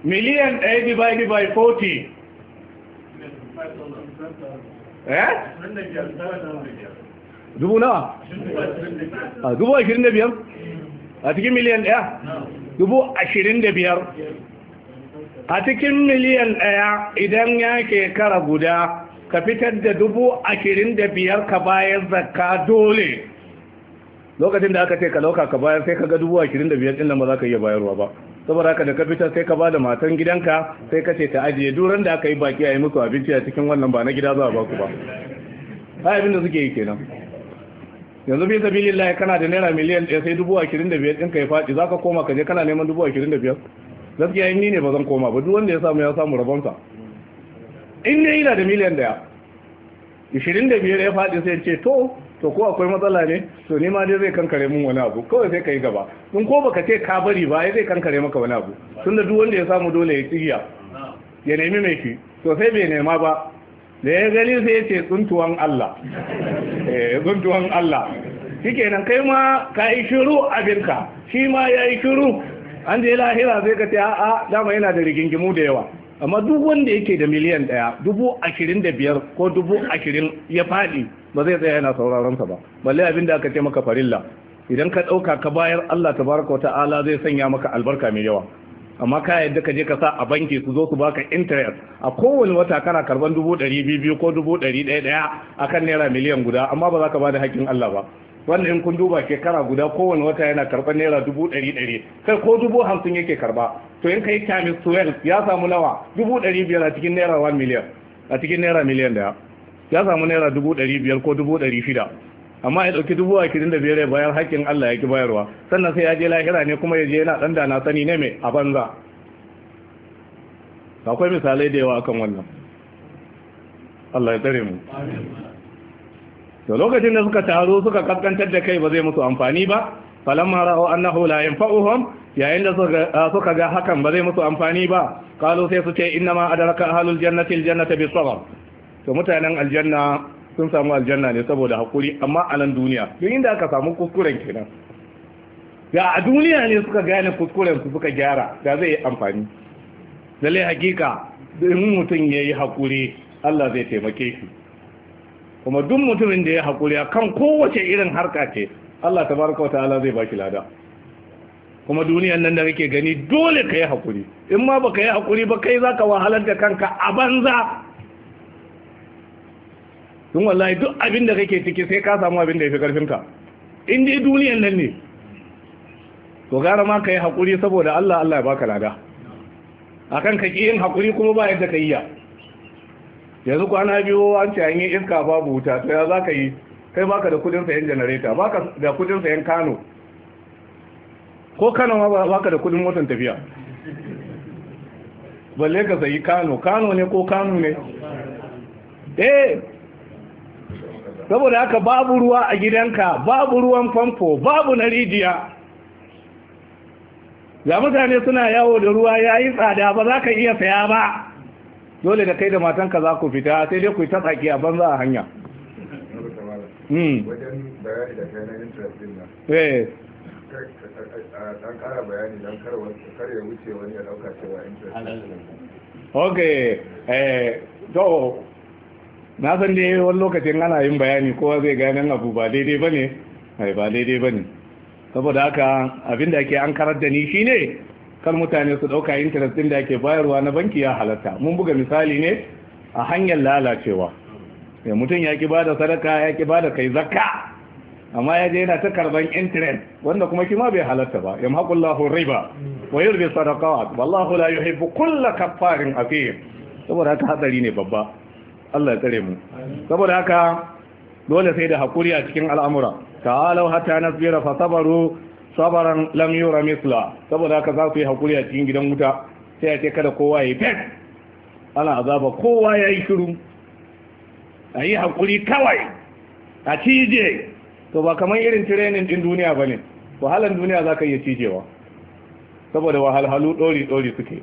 Speaker 1: miliyan ɗaya divided by 40 eh dubu nawa a ah, dubu ashirin da biyar a cikin miliyan ɗaya dubu ashirin da biyar a cikin miliyan daya, idan ya shekara guda ka fitar da dubu ashirin da biyar ka bayar zakka dole lokacin da aka ce ka lauka ka bayar sai ka ga dubu ashirin da biyar ɗin nan ba za ka iya bayarwa ba saboda haka da ka fitar sai ka ba da matan gidanka sai ka ce ta ajiye duran da aka yi baki a yi muku abinci a cikin wannan ba na gida za a ba ku ba ai abin da suke yi kenan yanzu bi sabili lillahi kana da naira miliyan ɗaya sai dubu ashirin da biyar ka yi faɗi za ka koma ka je kana neman dubu ashirin da biyar gaskiya in ni ne ba zan koma ba duk wanda ya samu ya samu rabonsa in ne yana da miliyan ɗaya ashirin da biyar ya faɗi sai ce to to ko akwai matsala ne to nima dai zai kankare mun wani abu kawai sai kai gaba in ko baka ce ka bari ba ai zai kankare maka wani abu tunda duk wanda ya samu dole ya tsiya ya nemi mai ki to sai bai nema ba da ya gani sai ya ce tsuntuwan Allah eh tsuntuwan Allah shikenan kai ma ka yi shiru abinka shi ma ya yi shiru an je lahira zai ka ce a'a dama yana da rigingimu da yawa amma duk wanda yake da miliyan ɗaya dubu ashirin da biyar ko dubu ashirin ya faɗi ba zai tsaya yana sauraron sa ba balle abin da aka ce maka farilla idan ka ɗauka ka bayar Allah ta baraka wa ta'ala zai sanya maka albarka mai yawa amma ka yadda ka je ka sa a banki su zo su baka interest a kowane wata kana karban dubu ɗari biyu ko dubu ɗari ɗaya ɗaya akan naira miliyan guda amma ba za ka ba da haƙƙin Allah ba wanda in kun duba shekara guda kowane wata yana karɓar naira dubu ɗari ɗari kai ko dubu hamsin yake karɓa to in kai times tuwel ya samu nawa dubu ɗari biyar a cikin naira wani miliyan a cikin naira miliyan daya ya samu naira dubu ɗari biyar ko dubu ɗari shida amma ya ɗauki dubu ashirin da biyar ya bayar haƙƙin Allah ya ki bayarwa sannan sai ya je lahira ne kuma ya je yana ɗan da na sani ne mai a banza akwai misalai da yawa akan wannan Allah ya tsare mu to lokacin da suka taro suka kaskantar da kai ba zai musu amfani ba falamma ra'u annahu la yanfa'uhum yayin da suka ga hakan ba zai musu amfani ba qalu sai su ce inna ma adraka ahlul jannati aljannata bi sabr to mutanen aljanna sun samu aljanna ne saboda hakuri amma a nan duniya duk inda aka samu kuskuren kenan Ya a duniya ne suka gane kuskuren su suka gyara da zai yi amfani lalle hakika in mutum yayi hakuri Allah zai taimake shi kuma duk mutumin da ya haƙuri kan kowace irin harka ce Allah baraka wa ta'ala zai baki lada kuma duniyan nan da kake gani dole ka yi haƙuri in ma baka yi haƙuri ba kai zaka wahalar da kanka a banza don wallahi duk abin da kake ciki sai ka samu abin da ya fi ƙarfinka, in dai duniyan nan ne to gara ma ka yi haƙuri saboda Allah Allah ya baka lada akan ka ƙi yin haƙuri kuma ba yadda ka yi ya yanzu kwana biyu an ce an yi iska babu wuta to ya za ka yi kai baka da kudin sayan janareta baka da kudin sayan kano ko kano ma baka da kudin motar tafiya balle ka sayi kano kano ne ko kano ne eh saboda haka babu ruwa a gidanka babu ruwan famfo babu na rijiya ga mutane suna yawo da ruwa ya yi tsada ba za ka iya saya ba dole da kai da matanka za ku fita sai dai ku yi ta tsaki a banza a hanya hmm. eh. Eh, na san dai wani lokacin ana yin bayani kowa zai gane abu ba daidai ba ne ba daidai ba ne saboda haka abinda ake an karar da ni shine kar mutane su ɗauka interest ɗin da ake bayarwa na banki ya halatta mun buga misali ne a hanyar lalacewa mutum ya ki bada sadaka ya ki bada kai zakka amma ya je yana ta karban interest wanda kuma kima bai halatta ba ya mahaƙullahu riba wa yurbi sadaqat wallahu la yuhibbu kulla kaffarin afim saboda haka hatsari ne babba Allah ya tsare mu saboda haka dole sai da hakuri a cikin al'amura ta'alau hatta nasbira fa sabaru sabaran lam yura misla saboda haka za su yi hakuri a cikin gidan wuta sai a ce kada kowa ya fet ana azaba kowa ya yi shiru a yi hakuri kawai a cije to ba kamar irin tirenin din duniya ba ne wahalan duniya za ka iya cijewa saboda wahalhalu ɗori-ɗori suke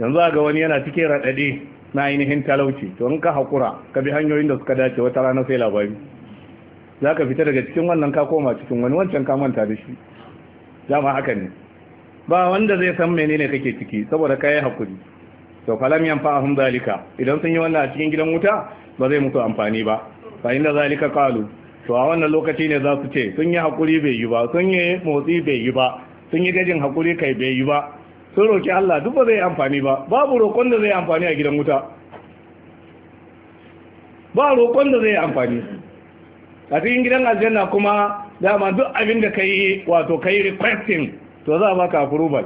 Speaker 1: yanzu ga wani yana cike raɗaɗe na ainihin talauci to in ka hakura ka bi hanyoyin da suka dace wata rana sai labari za ka fita daga cikin wannan ka koma cikin wani wancan ka manta da shi dama haka ne ba wanda zai san menene kake ciki saboda kai hakuri to falam yanfa'ahum zalika idan sun yi wannan a cikin gidan wuta ba zai musu amfani ba fa inda zalika qalu to a wannan lokaci ne za su ce sun yi hakuri bai yi ba sun yi motsi bai yi ba sun yi gajin hakuri kai bai yi ba sun roki Allah duk ba zai amfani ba babu roƙon da zai amfani a gidan wuta ba roƙon da zai amfani a cikin gidan aljanna kuma dama duk abin da kai wato kai requesting to za a baka approval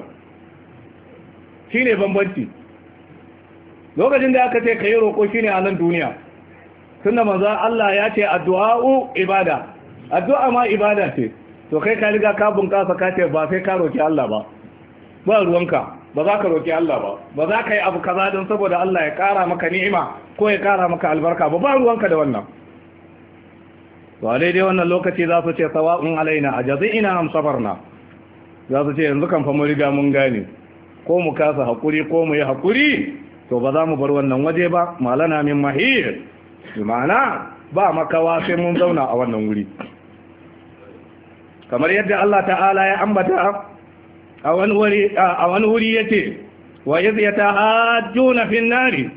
Speaker 1: shine bambanci lokacin da aka ce kai roƙo shine a nan duniya tunda manzo Allah ya ce addu'a'u ibada addu'a ma ibada ce to kai ka riga ka bunƙasa ka ce ba sai ka roki Allah ba ba ruwanka ba za ka roki Allah ba ba za ka yi abu kaza don saboda Allah ya ƙara maka ni'ima ko ya ƙara maka albarka ba ba ruwanka da wannan to a daidai wannan lokaci za su ce in alaina a jazi'ina am sabarna za su ce yanzu kan fa riga mun gane ko mu kasa hakuri ko mu yi hakuri to ba za mu bar wannan waje ba malana min mahir ma'ana ba makawa sai mun zauna a wannan wuri kamar yadda Allah ta'ala ya ambata a wani wuri a wani wuri yace wa yata'ajjuna fin nari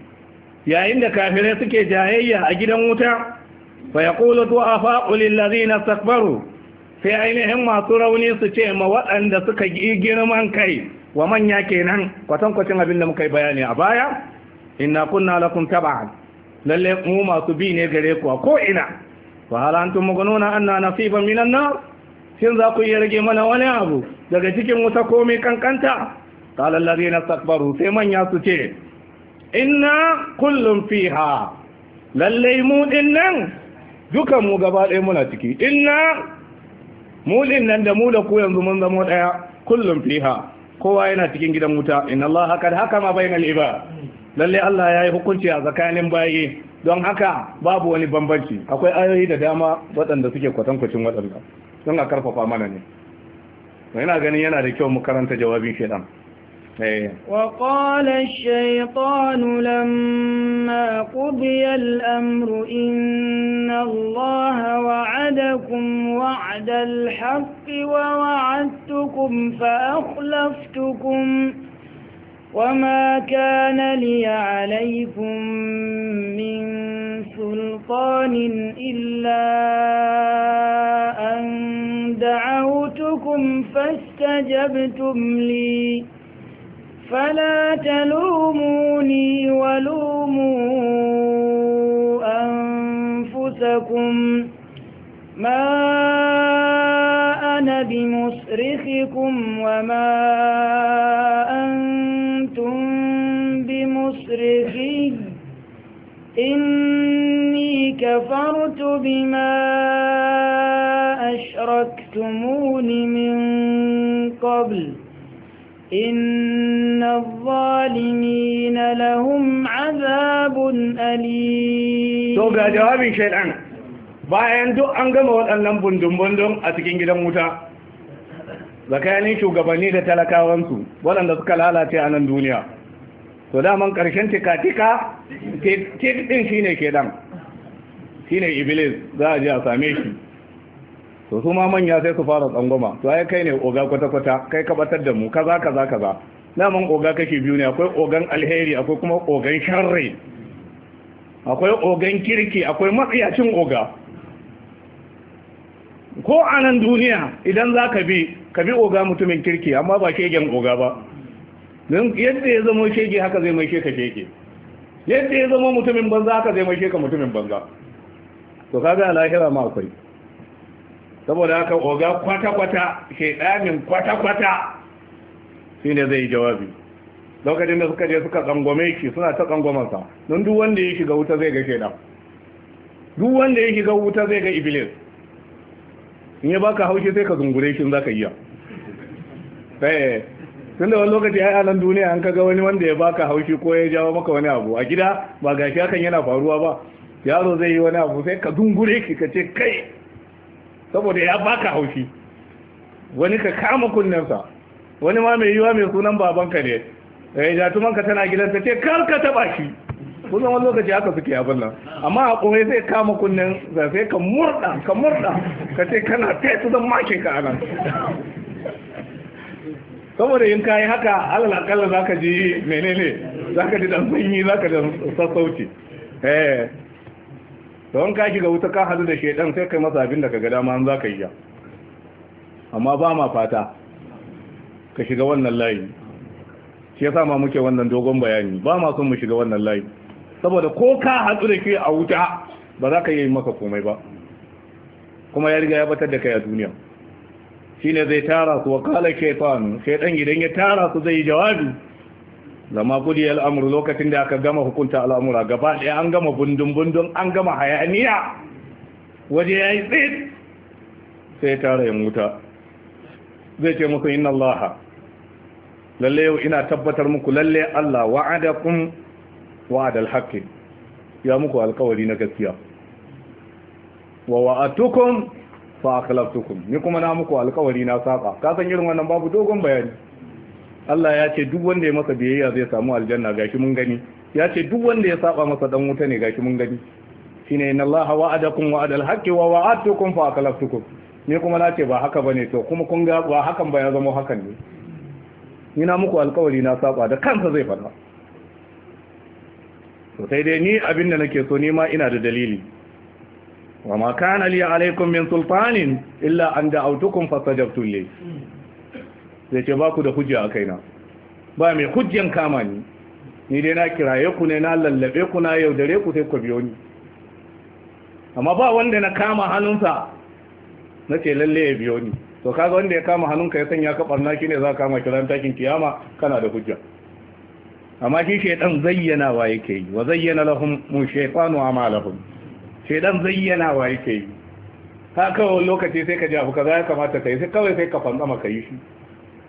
Speaker 1: yayin da kafirai suke jayayya a gidan wuta a الضعفاء للذين Sakbaru, sai ainihin masu rauni su ce ma waɗanda suka yi girman kai wa manya kenan kwatankwacin abin da muka yi bayani a baya inna kunna lakum tab'an lalle mu masu bi ne gare ku ko ina fa hal antum mugununa anna nasiban minan nar shin za ku iya rage mana wani abu daga cikin wuta komai kankanta qala allazina istakbaru sai manya su ce inna kullum fiha lallai mu dinnan dukan mu gaba ɗaya muna ciki inna mu nan da mu da ku yanzu mun zama ɗaya kullum fiha kowa yana cikin gidan wuta inna Allah haka da haka ma bainal ibad lalle Allah ya yi hukunci a tsakanin bayi don haka babu wani bambanci akwai ayoyi da dama waɗanda suke kwatankwacin waɗanda don a karfafa mana ne yana ganin yana da kyau mu karanta jawabin shaidan إيه.
Speaker 2: وقال الشيطان لما قضي الأمر إن الله وعدكم وعد الحق ووعدتكم فأخلفتكم وما كان لي عليكم من سلطان إلا أن دعوتكم فاستجبتم لي فلا تلوموني ولوموا أنفسكم ما أنا بمصرخكم وما أنتم بمصرخي إني كفرت بما أشركتمون من قبل إن الظالمين لهم عذاب أليم to ga jawabin
Speaker 1: shaytan bayan duk an gama waɗannan bundun-bundun a cikin gidan wuta tsakanin shugabanni da talakawansu waɗanda suka lalace a nan duniya to daman ƙarshen tika-tika ɗin shine shaidan shine iblis za a je a same shi to su ma manya sai su fara tsangwama to ai kai ne oga kwata-kwata kai ka batar da mu kaza kaza kaza naman oga kashi biyu ne akwai ogan alheri akwai kuma ogan sharri akwai ogan kirki akwai matsiyacin oga ko a nan duniya idan za ka bi ka bi oga mutumin kirki amma ba shegen oga ba don yadda ya zama shege haka zai mai sheka shege yadda ya zama mutumin banza haka zai mai sheka mutumin banza to kaga lahira ma akwai saboda haka oga kwata-kwata ke ɗanin kwata-kwata shi ne zai jawabi lokacin da suka je suka tsangwame shi suna ta tsangwamansa don duk wanda ya shiga wuta zai ga shaidan duk wanda ya shiga wuta zai ga iblis in ya baka haushi sai ka zungure shi za ka iya eh, tun da wani lokaci ya anan duniya an kaga wani wanda ya baka haushi ko ya jawo maka wani abu a gida ba gashi hakan yana faruwa ba yaro zai yi wani abu sai ka zungure shi ka ce kai saboda ya baka haushi wani ka kama kunnensa wani ma mai yiwa mai sunan babanka ne eh jatumanka tana gidansa ce kar ka taba shi kusan wani lokaci haka suke abin nan amma a kuma sai kama kunnen sai ka murda ka murda ka ce kana taya zan make ka anan saboda in kayi haka alal akalla zaka ji menene zaka ji dan sanyi zaka ji sassauci eh to wanka kashi ga wuta ka hadu da shedan sai kai masa abin da ka ga dama an za ka yi amma ba ma fata ka shiga wannan layi shi yasa ma muke wannan dogon bayani ba ma son mu shiga wannan layi saboda ko ka hadu da shi a wuta ba za ka yi maka komai ba kuma ya riga ya batar da kai a duniya shine zai tara su wa kala shaytan shaydan idan ya tara su zai jawabi zama kudi al'amuru lokacin da aka gama hukunta al'amura gaba ɗaya an gama bundun-bundun an gama hayaniya waje ya yi tsit sai ya tara yin wuta zai ce muku inna Allah lalle yau ina tabbatar muku lalle Allah kun wa'ad alhaƙi ya muku alkawari na gaskiya wa wa'atukun fa'akalaftukun ni kuma na muku alkawari na saƙa. ka san irin wannan babu dogon bayani Allah ya ce duk wanda ya masa biyayya zai samu aljanna gashi mun gani ya ce duk wanda ya saba masa dan wuta ne gashi mun gani shine inna Allah wa'adakum wa'adal haqqi wa wa'adtukum fa akhlaftukum ne kuma na ce ba haka bane to kuma kun ga ba hakan ba ya zama hakan ne ni na muku alkawari na saba da kansa zai faɗa to sai dai ni abin da nake so nima ina da dalili wa ma kana li alaikum min sultanin illa an da'awtukum fastajabtum li zai ce ba ku da hujja a kaina ba mai hujjan kama ni ni dai na kiraye ku ne na lallabe ku na yaudare ku sai ku biyo ni amma ba wanda na kama hannunsa na ce lalle ya biyo ni to kaga wanda ya kama hannunka ya sanya ka barna shi ne za ka kama kiran takin kiyama kana da hujja amma shi shaidan zayyana wa yake yi wa zayyana lahum mu shaytanu amalahum shaidan zayyana wa yake yi haka wani lokaci sai ka ji abu kaza ya kamata ka yi sai kawai sai ka fantsama ka yi shi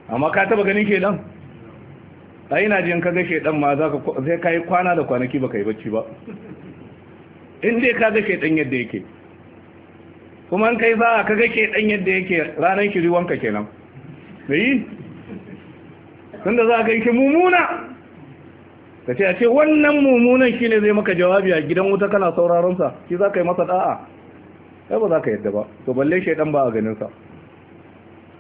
Speaker 1: amma ka taba ganin ke dan a ina jin ka ke dan ma za ka zai kai kwana da kwanaki baka yi bacci ba inda dai ka ke dan yadda yake kuma in kai za a ka ke dan yadda yake ranar shiri wanka kenan me yi tunda za ka yi mummuna ka ce a ce wannan mummunan shine zai maka jawabi a gidan wuta kana sauraron sa shi za ka yi masa da'a ba za ka yadda ba to balle shaidan ba a ganin sa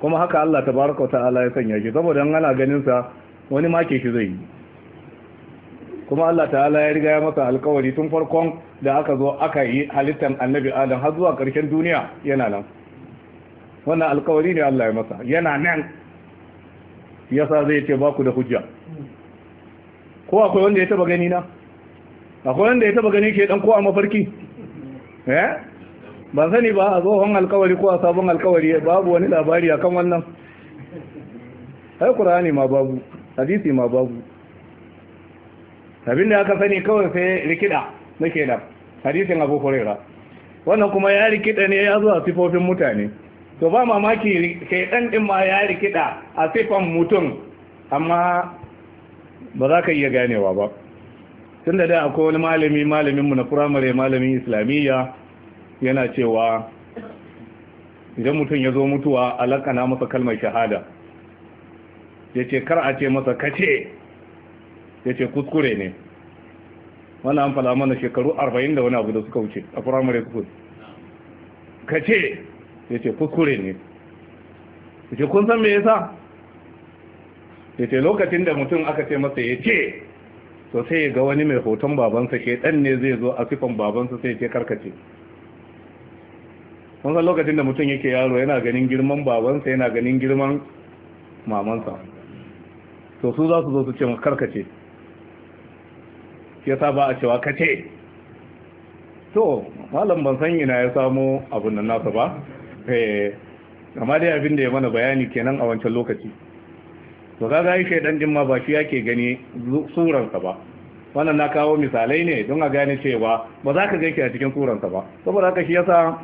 Speaker 1: kuma haka Allah baraka wa ta'ala ya sanya shi saboda an ana ganin sa wani make shi zai yi kuma Allah ta'ala ya riga ya masa alkawari tun farkon da aka zo aka yi halittar annabi adam har zuwa ƙarshen duniya yana nan wannan alkawari ne Allah ya masa yana nan yasa zai ce ba ku da hujja ko akwai wanda ya taba gani na akwai wanda ya taba gani ke dan ko a mafarki eh ba sani ba a tsohon alkawari ko a sabon alkawari babu wani labari akan wannan ai qur'ani ma babu hadisi ma babu Abinda aka sani kawai sai rikida na da hadisin abu huraira wannan kuma ya rikida ne ya zo a sifofin mutane to ba mamaki kai dan din ma ya rikida a sifan mutum amma ba za ka iya ganewa ba tun da da akwai wani malami malaminmu na firamare malamin islamiyya yana cewa idan mutum ya zo mutuwa alakana masa kalmar shahada ya ce kar a ce masa kace ya ce kuskure ne wani an fada mana shekaru 40 da wani abu da suka wuce a firamare school kace ya ce kuskure ne ya ce kun san me yasa ya ce lokacin da mutum aka ce masa ya ce sosai ya ga wani mai hoton babansa shedan ne zai zo a sifan babansa sai ya ce karkace kun san lokacin da mutum yake yaro yana ganin girman babansa yana ganin girman mamansa to su za su zo su ce maka karkace yasa ba a cewa kace to malam ban san ina ya samo abin nan nasa ba eh amma dai abin da ya mana bayani kenan a wancan lokaci to kaga yi shaidan din ma ba shi yake gani suransa ba wannan na kawo misalai ne don a gane cewa ba za ka gaike a cikin suransa ba saboda haka shi yasa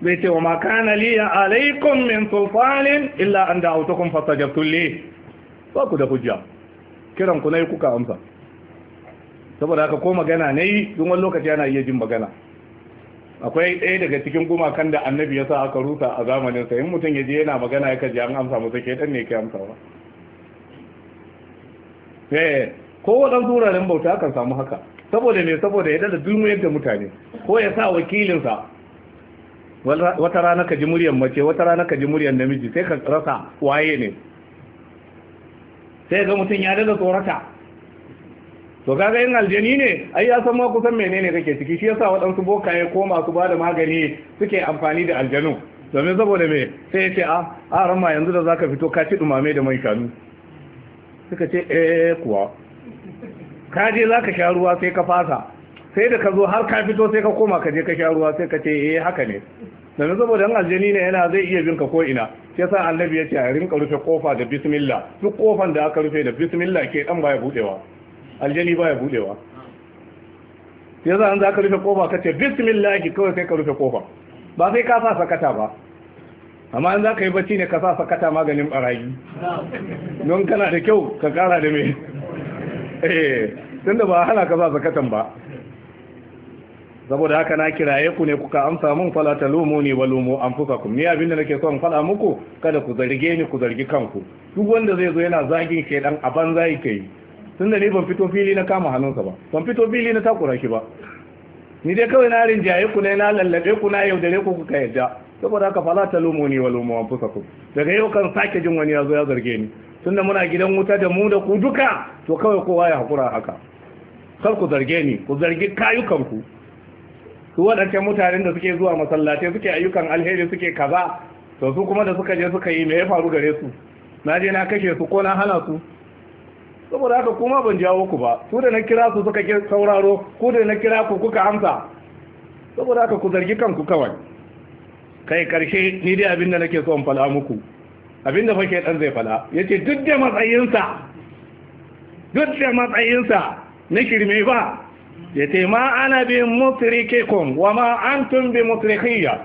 Speaker 1: zai ce wa makana liya alaikun min sulfanin illa an da autukun fasajabtun li ba ku da hujja kiran ku na yi kuka amsa saboda haka ko magana na yi dun wani lokaci yana iya jin magana akwai ɗaya daga cikin gumakan da annabi ya sa aka rusa a zamanin sa in mutum ya je yana magana ya kaji an amsa masa ke ɗan ne ke amsawa eh ko waɗansu wuraren bauta kan samu haka saboda ne saboda ya dada dumiyar da mutane ko ya sa wakilinsa wata rana ka ji muryar mace wata rana ka ji muryar namiji sai ka rasa waye ne sai ga mutum ya daga tsorata to kaga yin aljani ne ai ya san ma kusan menene kake ciki shi yasa waɗansu bokaye ko masu ba da magani suke amfani da aljanu domin saboda me sai ya ce a ah, a ah, rama yanzu da zaka fito ka ci dumame da mai shanu suka ce eh kuwa ka je zaka sha ruwa sai ka fasa sai da ka zo har ka fito sai ka koma ka je ka sha ruwa sai ka ce eh haka ne dan saboda an aljani ne yana zai iya bin ka ko ina sai sa annabi ya ce a rinka rufe kofa da bismillah duk kofan da aka rufe da bismillah ke dan baya budewa aljani baya budewa sai sa an za ka rufe kofa ka ce bismillah kawai sai ka rufe kofa ba sai ka sa sakata ba amma an za ka yi bacci ne ka sa sakata maganin barayi don kana da kyau ka kara da me eh tunda ba hana ka sa sakatan ba saboda haka na kiraye ku ne kuka amsa mun fala ne wa lumu anfusakum ni abin da nake son fada muku kada ku zarge ni ku zargi kanku duk wanda zai zo yana zagin shedan a banza yake yi tunda ni ban fito fili na kama hannunsa ba ban fito fili na takura shi ba ni dai kawai na rinjaye ku ne na lallabe ku na yaudare ku kuka yadda saboda haka fala ne wa lumu anfusakum daga yau kan sake jin wani ya zo ya zarge ni tunda muna gidan wuta da mu da ku duka to kawai kowa ya hakura haka kar ku zarge ni ku zargi kayukanku su waɗancan mutanen da suke zuwa masallatai suke ayyukan alheri suke kaza to su kuma da suka je suka yi me ya faru gare su na je na kashe su ko na hana su saboda haka kuma ban jawo ku ba su da na kira su suka sauraro ku da na kira ku kuka amsa saboda haka ku zargi kanku kawai kai karshe ni dai abin da nake so in fala muku abin da fake dan zai fala yace duk da matsayinsa duk da matsayinsa na kirme ba yace ma ana bi mutrikikum wa ma antum bi mutrikiya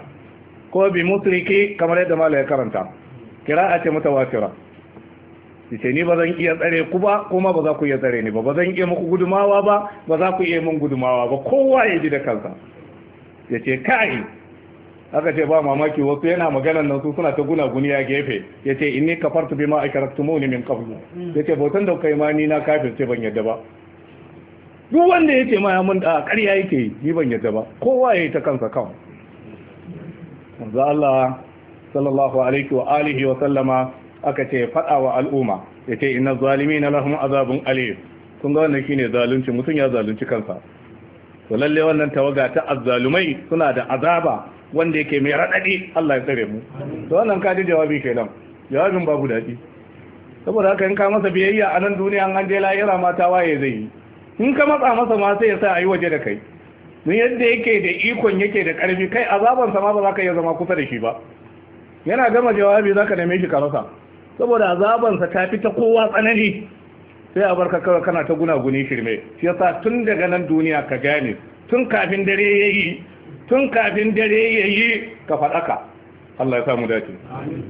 Speaker 1: ko bi mutriki kamar yadda mala ya karanta a ce mutawatira yace ni ba zan iya tsare ku ba kuma ba za ku iya tsare ni ba ba zan iya muku gudumawa ba ba za ku iya mun gudumawa ba kowa ya ji da kansa yace kai aka ce ba mamaki wasu yana magana nan su suna ta guna guniya gefe yace inni kafartu bima akraktumuni min qablu hmm. yace bautan da kai ma ni na kafirce ban yadda ba duk wanda yake ma ya mun da ƙarya yake yi ni ban yadda ba kowa yayi ta kansa kawai. manzo Allah sallallahu alaihi wa alihi wa sallama aka ce fada wa al'umma yace inna zalimin lahum azabun alim kun ga wannan shine zalunci mutum ya zalunci kansa to lalle wannan tawaga ta azzalumai suna da azaba wanda yake mai radadi Allah ya tsare mu to wannan ka ji jawabi kenan jawabin babu dadi saboda haka in ka masa biyayya a nan duniya an je lahira mata waye zai yi in ka matsa masa ma sai ya sa a yi waje da kai mun yadda yake da ikon yake da ƙarfi kai azabansa ma ba za ka iya zama kusa da shi ba yana gama jawabi za ka neme shi ka rasa saboda azabansa ta fi ta kowa tsanani sai a barka kawai kana ta gunaguni shirme shi yasa tun daga nan duniya ka gane tun kafin dare yayi tun kafin dare ya yi ka faɗaka الله يسامو داكي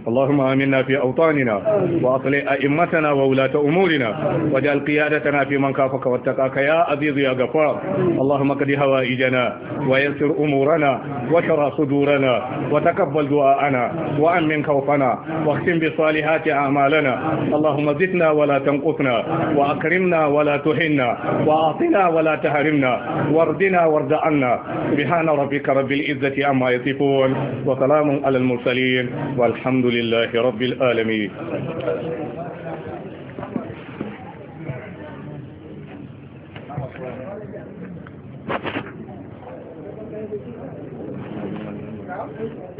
Speaker 1: اللهم آمنا في أوطاننا وأصلح أئمتنا وولاة أمورنا واجعل قيادتنا في من كافك واتقاك يا عزيز يا غفار اللهم قد هوائجنا ويسر أمورنا وشرى صدورنا وتقبل دعاءنا وأمن خوفنا واختم بصالحات أعمالنا اللهم زدنا ولا تنقصنا وأكرمنا ولا تهنا وأعطنا ولا تحرمنا واردنا وارض عنا سبحان ربك رب العزة عما يصفون وسلام على المرسلين المرسلين والحمد لله رب العالمين
Speaker 2: Thank you.